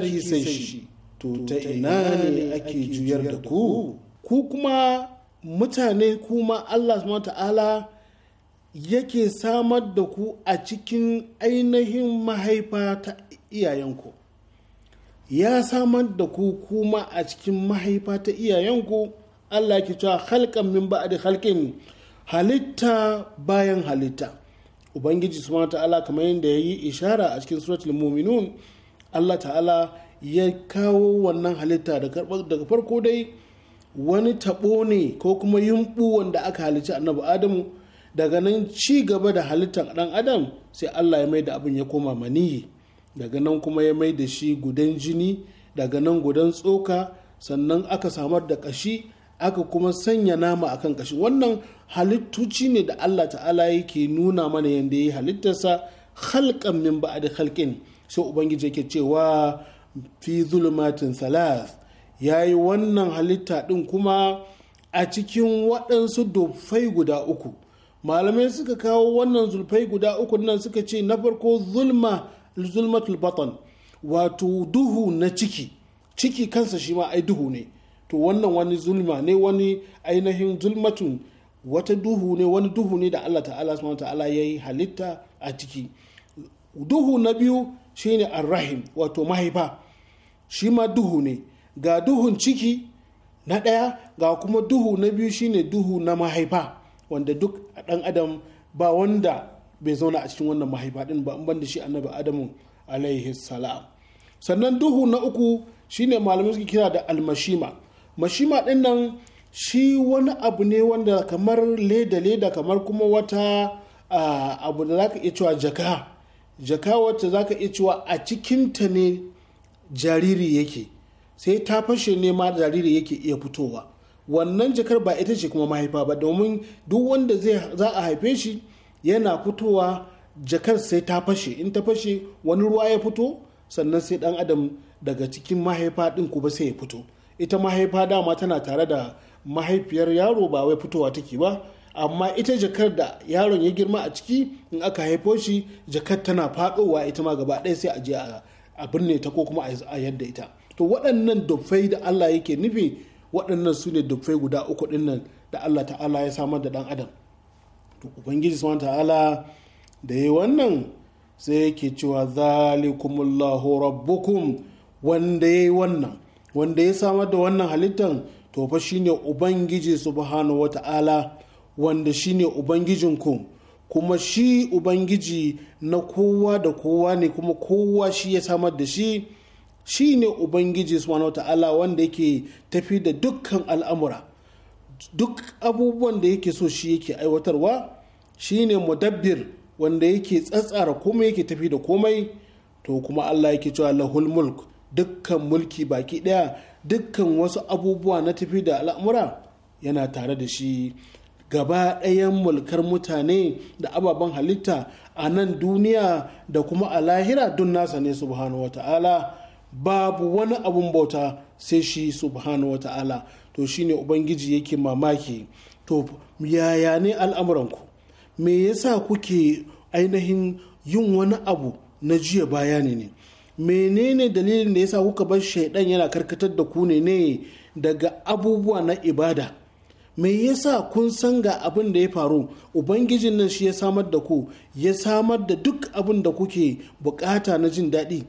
yi sai shi to ta ina ne ake juyar da ku ku kuma mutane kuma Allah subhanahu ta'ala yake samar da ku a cikin ainihin mahaifa ta iyayenku ya samar da ku kuma a cikin mahaifa ta iyayenku Allah ke cewa halkan min ba'di halkin halitta bayan halitta ubangiji subhanahu ta'ala kamar yadda ya yi ishara a cikin suratul muminun allah ta'ala ya kawo wannan halitta daga farko dai wani tabo ne ko kuma yumbu da aka halicci annabi adamu daga nan ci gaba da halittar dan adam sai allah ya mai da abin ya koma maniyi daga nan kuma ya mai da shi gudan jini daga nan gudan tsoka sannan aka samar da kashi aka kuma sanya nama akan kashi wannan halittuci ne da allah ta'ala yake nuna mana yadda ya yi halittarsa halkan min ba'ad halkin sai ubangiji yake cewa fi zulumatin salas ya yi wannan halitta ɗin kuma a cikin waɗansu dufai guda uku malamai suka kawo wannan zulfai guda uku nan suka ce na farko zulma zulmatul batan wato duhu na ciki ciki kansa shi ma ai duhu ne to wannan wani zulma ne wani ainihin zulmatun wata duhu ne wani duhu ne da Allah ta'ala subhanahu ta'ala yayi halitta a ciki duhu na biyu shine arrahim wato mahaifa shi ma duhu ne ga duhun ciki na ɗaya ga kuma duhu na biyu shine duhu na mahaifa wanda duk a ɗan adam ba wanda bai zauna a cikin wannan mahaifa ɗin ba ban da shi annabi adamu alaihi salam sannan duhu na uku shine malamai suke kira da almashima mashima ɗin nan shi wani abu ne wanda kamar leda leda kamar kuma wata ah, abu da za ka iya cewa jaka jaka wacce za ka iya cewa a cikinta ne jariri yake sai ta fashe ne ma jariri yake iya fitowa wannan jakar ba ita ce kuma mahaifa ba domin duk wanda za a haife shi yana fitowa jakar sai ta fashe in ta fashe wani ruwa ya fito sannan sai dan adam daga cikin mahaifa din kuma sai ya fito ita mahaifa dama tana tare da mahaifiyar yaro ba wai fitowa take ba amma ita jakar da yaron ya girma a ciki in aka haifo shi jakar tana fadowa ita ma gaba ɗaya sai a je a binne ta ko kuma a yadda ita to waɗannan dufai da Allah yake nufi waɗannan su ne dufai guda uku ɗinnan da Allah ta'ala ya samar da ɗan adam to ubangiji subhanahu ta'ala da yi wannan sai yake cewa zalikumullahu rabbukum wanda ya yi wannan wanda ya samar da wannan halittan to fa shine ubangiji subhanahu wata'ala wanda shine ubangijinku kuma shi ubangiji na kowa da kowa ne kuma kowa shi ya samar da shi shi ne ubangiji subhanahu ta'ala wanda yake tafi da dukkan al'amura duk abubuwan da yake so shi yake aiwatarwa shi ne mudabbir wanda yake tsatsara komai yake tafi da komai to kuma allah yake cewa lahul mulk dukkan mulki baki daya dukkan wasu abubuwa na tafi da al'amura yana tare da shi gaba ɗayan mulkar mutane da ababen halitta a nan duniya da kuma a lahira don nasa ne subhanahu wata'ala babu wani abun bauta sai shi subhanahu wata'ala to shine ubangiji yake mamaki to yaya ne al'amuranku me yasa kuke ainihin yin wani abu na jiya bayani ne menene dalilin da yasa kuka bar shaidan yana karkatar da ku ne daga abubuwa na ibada me yasa kun san ga abin da ya faru ubangijin nan shi ya samar da ku ya samar da duk abin da kuke bukata na jin daɗi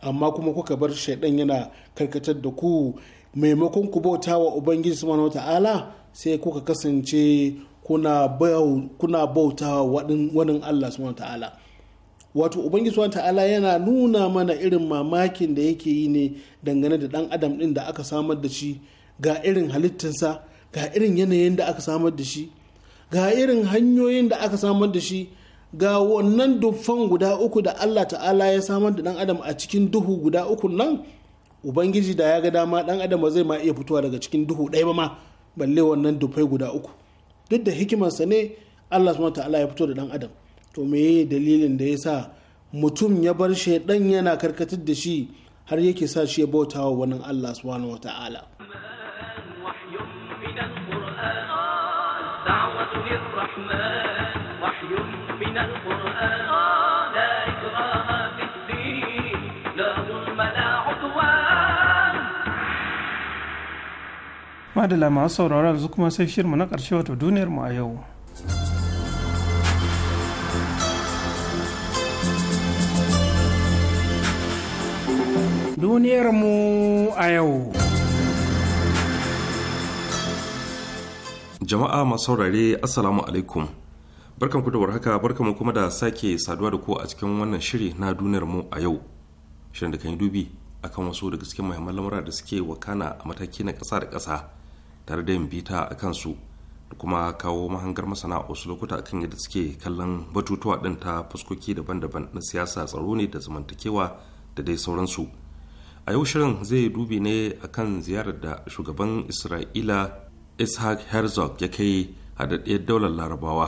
amma kuma kuka bar shaidan yana karkatar da ku maimakon ku bauta wa ubangiji subhanahu ta'ala sai kuka kasance kuna bauta wa wani allah subhanahu ta'ala wato ubangiji subhanahu ta'ala yana nuna mana irin mamakin da yake yi ne dangane da dan adam din da aka samar da shi ga irin halittinsa ga irin yanayin da aka samar da shi ga irin hanyoyin da aka samar da shi ga wannan dufan guda uku da Allah ta'ala ya samar da dan adam a cikin duhu guda uku nan ubangiji da ya ga dama dan adam ba zai ma iya fitowa daga cikin duhu ɗaya ba ma balle wannan dufai guda uku duk da hikimarsa ne Allah subhanahu ta'ala ya fito da dan adam to meye dalilin da ya sa mutum ya bar shaidan yana karkatar da shi har yake sa shi ya bautawa wannan Allah subhanahu ta'ala رسول masu sauraro yanzu kuma sai shirmu na ƙarshe wato duniyar mu a yau. Duniyar mu a yau. jama'a masu saurare assalamu alaikum barkan ku da warhaka barkan mu kuma da sake saduwa da ku a cikin wannan shiri na duniyar mu a yau shirin da kan yi dubi akan wasu daga cikin muhimman lamura da suke wakana a mataki na ƙasa da ƙasa tare da yin bita a kansu da kuma kawo mahangar masana a wasu lokuta kan yadda suke kallon batutuwa ɗin ta fuskoki daban-daban na siyasa tsaro ne da zamantakewa da dai sauransu a yau shirin zai dubi ne akan ziyarar da shugaban isra'ila ishaq herzog ya kai haɗaɗɗiyar daular larabawa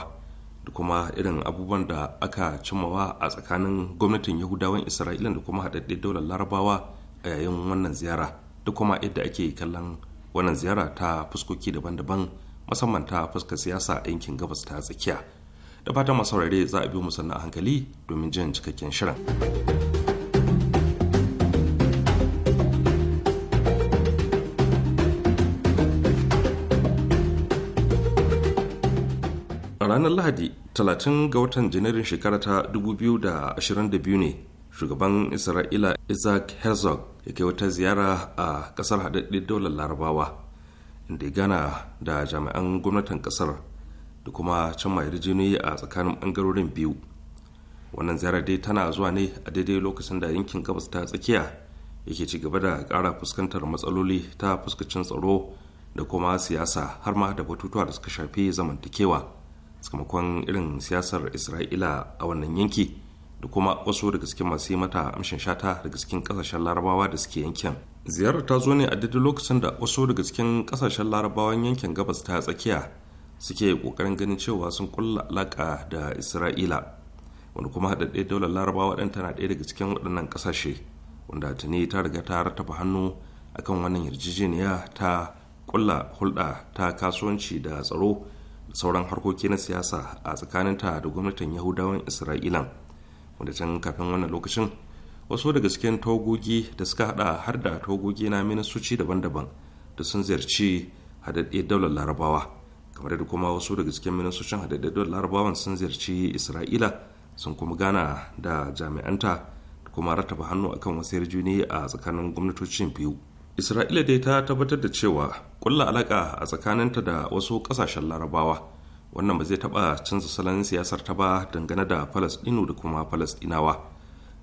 da kuma irin abubuwan da aka cimmawa a tsakanin gwamnatin yahudawan isra'ila da kuma haɗaɗɗiyar daular larabawa a yayin wannan ziyara da kuma yadda ake kallon wannan ziyara ta fuskoki daban-daban musamman ta fuskar siyasa a yankin gabas ta tsakiya da fatan masu za a biyo mu hankali domin jin cikakken shirin. ranar lahadi 30 ga watan janairun shekara ta 2022 ne shugaban isra'ila isaac herzog ya kai wata ziyara a kasar haɗaɗɗen daular larabawa inda ya gana da jami'an gwamnatin kasar da kuma can mai a tsakanin ɓangarorin biyu wannan ziyara dai tana zuwa ne a daidai lokacin da yankin gabas ta tsakiya yake ci gaba da ƙara fuskantar matsaloli ta fuskacin tsaro da kuma siyasa har ma da batutuwa da suka shafi zamantakewa sakamakon irin siyasar isra'ila a wannan yanki da kuma wasu daga cikin masu yi mata amshin shata da cikin kasashen larabawa da suke yankin ziyarar ta zo ne a daidai lokacin da wasu daga cikin kasashen larabawan yankin gabas ta tsakiya suke kokarin ganin cewa sun kulla alaka da isra'ila wanda kuma haɗaɗɗe daular larabawa ɗin tana ɗaya daga cikin waɗannan kasashe wanda tuni ta riga ta rattaba hannu akan wannan yarjejeniya ta kulla hulɗa ta kasuwanci da tsaro sauran harkoki na siyasa a tsakaninta da gwamnatin yahudawan isra'ilan wanda can kafin wannan lokacin wasu daga cikin togogi da suka hada har da togogi na ministoci daban-daban da sun ziyarci hadaddiyar daular larabawa kamar da kuma wasu daga cikin ministocin hadaddiyar daular larabawan sun ziyarci isra'ila sun kuma gana da jami'anta da kuma rattaba hannu akan wasu yarjuni a tsakanin gwamnatocin biyu isra'ila dai ta tabbatar da cewa kulla alaka a tsakaninta da wasu kasashen larabawa wannan ba zai taɓa canza salon siyasar ta ba dangane da falasɗinu da kuma falasɗinawa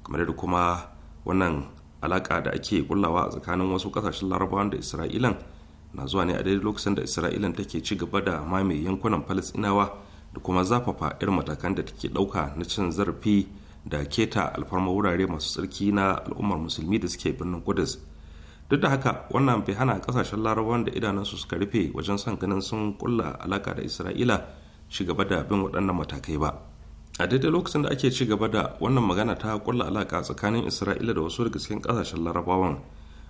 kamar da kuma wannan alaka da ake kullawa a tsakanin wasu kasashen larabawan da isra'ilan na zuwa ne a daidai lokacin da isra'ilan take ci gaba da mamaye yankunan falasɗinawa da kuma zafafa irin matakan da take ɗauka na cin zarafi da keta alfarma wurare masu tsarki na al'ummar musulmi da suke birnin kudus duk da haka wannan bai hana kasashen larabawan da idanunsu suka rufe wajen son ganin sun kulla alaka da isra'ila ci da bin waɗannan matakai ba a daidai lokacin da ake ci gaba da wannan magana ta kulla alaka tsakanin isra'ila da wasu daga cikin kasashen larabawan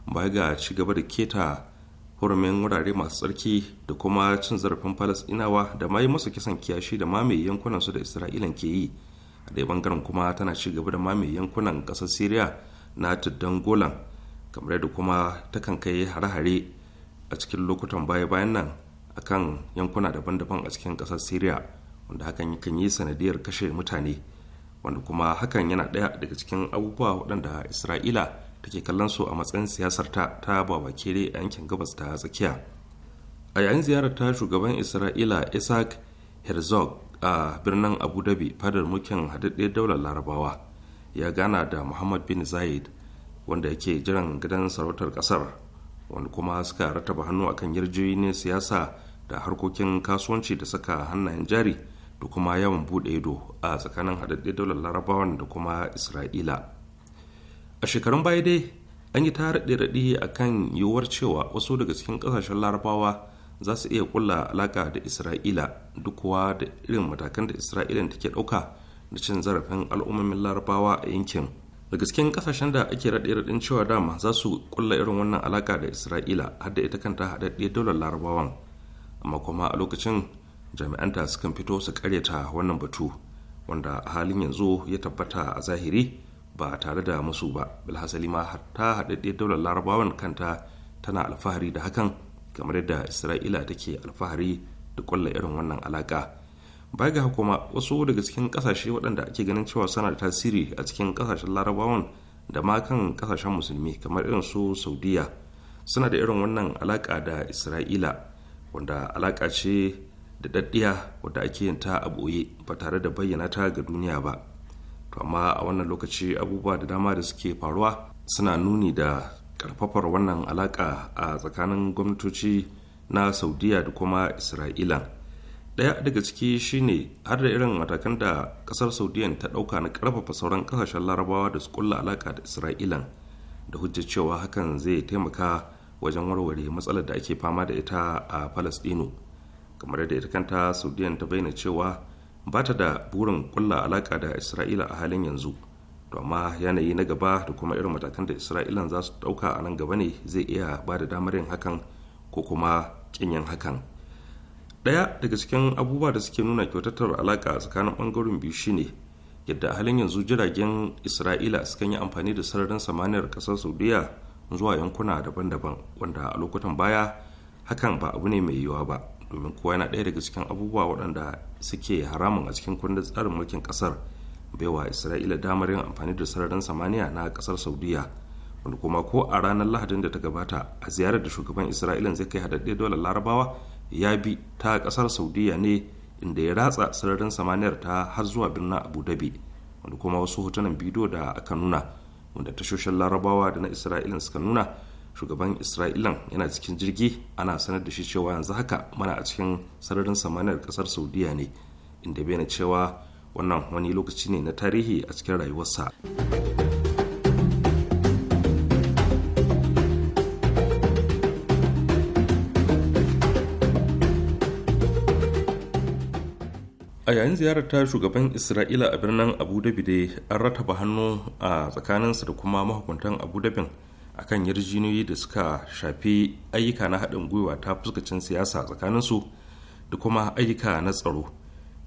baya ga ci gaba da keta hurumin wurare masu tsarki da kuma cin zarafin falasɗinawa da ma yi musu kisan kiyashi da mamaye su da isra'ilan ke yi a daya bangaren kuma tana ci gaba da mamaye yankunan ƙasar syria na tuddan golan kamar yadda kuma takan kai hare-hare a cikin lokutan baya-bayan nan a kan yankuna daban-daban a cikin ƙasar syria wanda hakan kan yi sanadiyar kashe mutane wanda kuma hakan yana ɗaya daga cikin abubuwa waɗanda isra'ila take kallon su a matsayin siyasar ta ta babakere a yankin gabas ta tsakiya a yayin ziyarar ta shugaban isra'ila isaac herzog a birnin abu dhabi fadar mulkin haɗaɗɗiyar daular larabawa ya gana da muhammad bin zayed wanda yake jiran gidan sarautar kasar wanda kuma suka rataba hannu akan yarjejeniyar siyasa da harkokin kasuwanci da saka hannayen jari da kuma yawan buɗe ido a tsakanin haɗaɗɗe daular larabawan da kuma isra'ila a shekarun baya dai an yi ta raɗe-raɗe a kan yiwuwar cewa wasu daga cikin ƙasashen larabawa za su iya ƙulla alaƙa da isra'ila duk kuwa da irin matakan da isra'ila take ɗauka da cin zarafin al'ummomin larabawa a yankin da cikin kasashen da ake raɗe-raɗin cewa dama za su kulla irin wannan alaka da isra'ila har da ita kanta haɗaɗɗiyar daular larabawan amma kuma a lokacin jami'anta sukan fito su karyata wannan batu wanda a halin yanzu ya tabbata a zahiri ba tare da musu ba bilhassali ma ta haɗaɗɗiyar daular larabawan kanta tana alfahari da hakan kamar yadda isra'ila take alfahari da kulla irin wannan alaka baya ga kuma wasu daga cikin kasashe waɗanda ake ganin cewa suna da tasiri a cikin kasashen larabawan da ma kan kasashen musulmi kamar irin su saudiya suna da irin wannan alaƙa da isra'ila wanda alaƙa ce da daddiya wadda ake yin ta a ɓoye ba tare da bayyana ta ga duniya ba to amma a wannan lokaci abubuwa da dama da suke faruwa suna nuni da ƙarfafar wannan alaƙa a tsakanin gwamnatoci na saudiya da kuma isra'ila ɗaya daga ciki shine har da irin matakan da ƙasar saudiyan ta ɗauka na karfafa sauran kasashen larabawa da su kulla alaka da isra'ilan da hujjar cewa hakan zai taimaka wajen warware matsalar da ake fama da ita a palestino kamar da ita kanta saudiyan ta bayyana cewa ba ta da burin kulla alaka da isra'ila a halin yanzu to amma yanayi na gaba da kuma irin matakan da isra'ilan za su dauka a nan gaba ne zai iya ba da damar yin hakan ko kuma kin hakan daya daga cikin abubuwa da suke nuna kyautattar alaƙa tsakanin bangaren biyu shine yadda a halin yanzu jiragen isra'ila sukan yi amfani da sararin samaniyar kasar saudiya zuwa yankuna daban-daban wanda a lokutan baya hakan ba abu ne mai yiwuwa ba domin kowa yana daya daga cikin abubuwa waɗanda suke haramun a cikin kundin tsarin mulkin ƙasar baiwa isra'ila damar yin amfani da sararin samaniya na kasar saudiya wanda kuma ko a ranar lahadin da ta gabata a ziyarar da shugaban isra'ila zai kai haɗaɗɗe dole larabawa ya bi ta kasar saudiya ne inda ya ratsa sararin samaniyar ta har zuwa birnin abu dhabi wanda kuma wasu hotunan bidiyo da aka nuna wanda tashoshin larabawa da na isra'ilan suka nuna shugaban isra'ilan yana cikin jirgi ana sanar da shi cewa yanzu haka mana a cikin sararin samaniyar kasar saudiya ne inda na cewa wannan wani lokaci ne na tarihi a cikin rayuwarsa. a yayin ziyarar ta shugaban isra'ila a birnin abu dhabi dai an rataba hannu a tsakaninsa da kuma mahukuntan abu a akan yarjiniyoyi da suka shafi ayyuka na haɗin gwiwa ta fuskacin siyasa tsakaninsu da kuma ayyuka na tsaro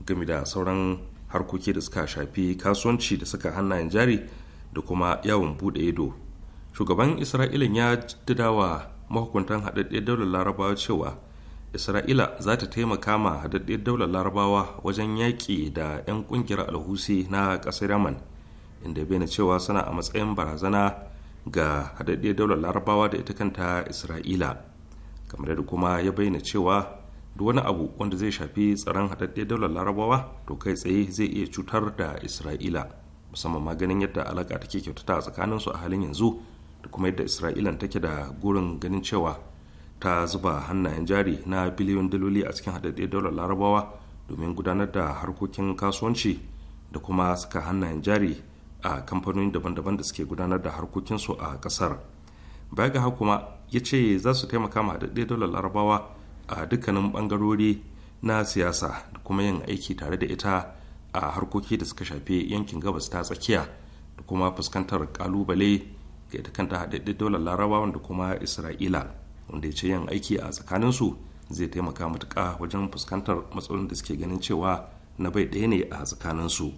game da sauran harkoki da suka shafi kasuwanci da suka hannayen jari da kuma yawon buɗe ido shugaban isra'ila ya jaddada wa mahukuntan haɗaɗɗe daular larabawa cewa isra'ila za ta taimaka ma haɗaɗɗiyar daular larabawa wajen yaƙi da 'yan ƙungiyar alhusi na ƙasar yaman inda na cewa suna a matsayin barazana ga haɗaɗɗiyar daular larabawa da ita kanta isra'ila kamar da kuma ya bayyana cewa duk wani abu wanda zai shafi tsaron haɗaɗɗiyar daular larabawa to kai tsaye zai iya cutar da isra'ila musamman ma ganin yadda alaƙa take kyautata a tsakaninsu a halin yanzu da kuma yadda isra'ilan take da gurin ganin cewa ta zuba hannayen jari na biliyon daloli a cikin haɗaɗɗe daular larabawa domin gudanar da harkokin kasuwanci da kuma suka hannayen jari a kamfanoni daban-daban da suke gudanar da harkokinsu a ƙasar baya ga kuma ya ce za su taimaka ma haɗaɗɗe daular larabawa a dukkanin ɓangarori na siyasa da kuma yin aiki tare da ita a harkoki da suka shafi yankin gabas ta tsakiya da kuma fuskantar kalubale ga ita kanta haɗaɗɗe daular larabawan da kuma isra'ila wanda ya ce yin aiki a tsakaninsu zai taimaka matuka wajen fuskantar matsalolin da suke ganin cewa na bai ɗaya ne a tsakaninsu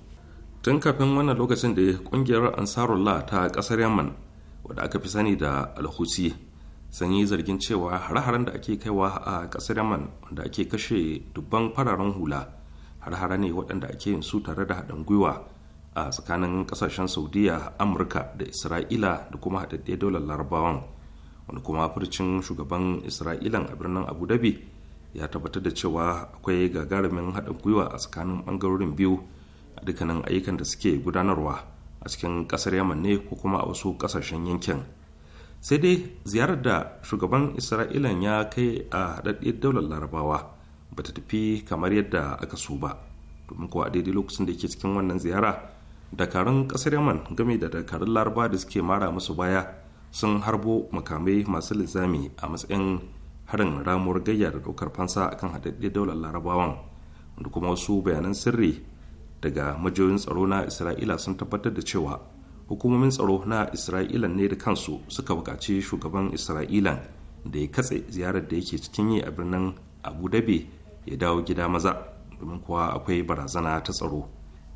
tun kafin wannan lokacin da ƙungiyar ansarullah ta ƙasar yaman wadda aka fi sani da alhusi sun yi zargin cewa hare-haren da ake kaiwa a ƙasar yaman da ake kashe dubban fararen hula hare-hare ne waɗanda ake yin su tare da haɗin gwiwa a tsakanin ƙasashen saudiya amurka da isra'ila da kuma haɗaɗɗe daular larabawan wani kuma furcin shugaban isra'ilan a birnin abu dhabi ya tabbatar da cewa akwai gagarumin haɗin gwiwa a tsakanin ɓangarorin biyu a dukkanin ayyukan da suke gudanarwa a cikin ƙasar yaman ne ko kuma a wasu ƙasashen yankin sai dai ziyarar da shugaban isra'ilan ya kai a haɗaɗɗiyar daular larabawa ba ta tafi kamar yadda aka so ba domin kuwa a daidai lokacin da ke cikin wannan ziyara dakarun ƙasar yaman game da dakarun larabawa da suke mara musu baya sun harbo makamai masu lizami a matsayin harin ramuwar gayya da ɗaukar fansa akan haɗaɗɗe daular larabawan da kuma wasu bayanan sirri daga majiyoyin tsaro na isra'ila sun tabbatar da cewa hukumomin tsaro na isra'ila ne da kansu suka buƙaci shugaban isra'ilan da ya katse ziyarar da yake cikin yi a birnin abu dhabi ya dawo gida maza domin kuwa akwai barazana ta tsaro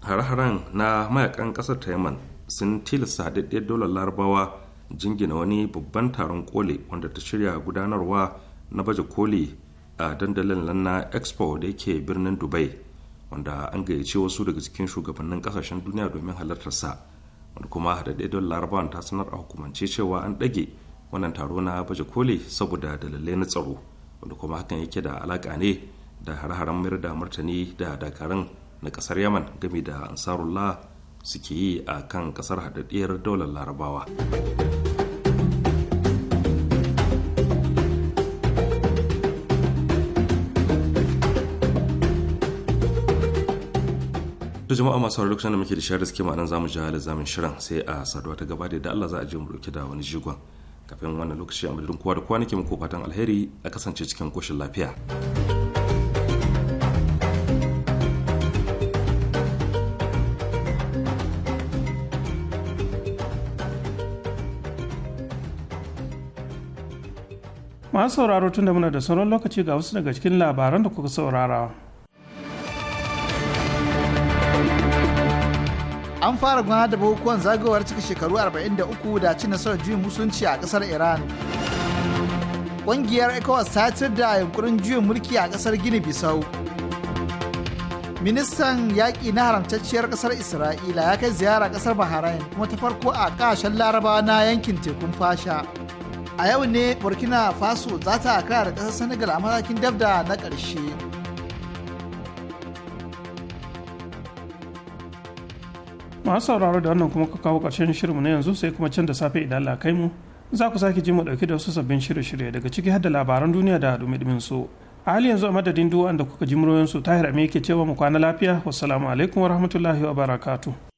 Har haren na mayakan ƙasar ta yaman sun tilasta haɗaɗɗiyar daular larabawa jingina wani babban taron koli wanda ta shirya gudanarwa na baje koli a dandalin lanna expo da yake birnin dubai wanda an gayyace wasu daga cikin shugabannin kasashen duniya domin halartarsa wanda kuma haɗaɗɗe don larabawan ta sanar a hukumance cewa an ɗage wannan taro na baje koli saboda dalilai na tsaro wanda kuma hakan yake da alaƙa ne da hare-haren mayar da martani da dakarun na ƙasar yaman game da ansarullah suke yi a kan kasar haɗaɗɗiyar daular larabawa da jama'a masu wani lokacin da muke da da riske ma'anan zamu ji halin zamin shirin sai a saduwa ta gaba da yadda Allah za a je mu da wani jigon kafin wannan lokaci a madadin kowa da kowa nake muku fatan alheri a kasance cikin koshin lafiya. masu sauraro tun da muna da sauran lokaci ga wasu daga cikin labaran da kuka saurara an fara gudanar da bukukuwan zagayowar cika shekaru 43 da ci nasarar juyin musulunci a kasar iran ƙungiyar ecowas ta da yunkurin juyin mulki a kasar gini bisau ministan yaƙi na haramtacciyar ƙasar isra'ila ya kai ziyara ƙasar bahrain kuma ta farko a ƙasashen larabawa na yankin tekun fasha a yau ne burkina faso za ta kara da ƙasar senegal a matakin dabda na ƙarshe masu sauraro da wannan kuma ka kawo ƙarshen shirinmu na yanzu sai kuma can da safe idan Allah kai mu za ku sake ji mu ɗauki da wasu sabbin shirye-shirye daga ciki har da labaran duniya da dumi su a hali yanzu a madadin duwan da kuka ji muryoyin su tahir ame yake cewa mu kwana lafiya wassalamu alaikum wa barakatu.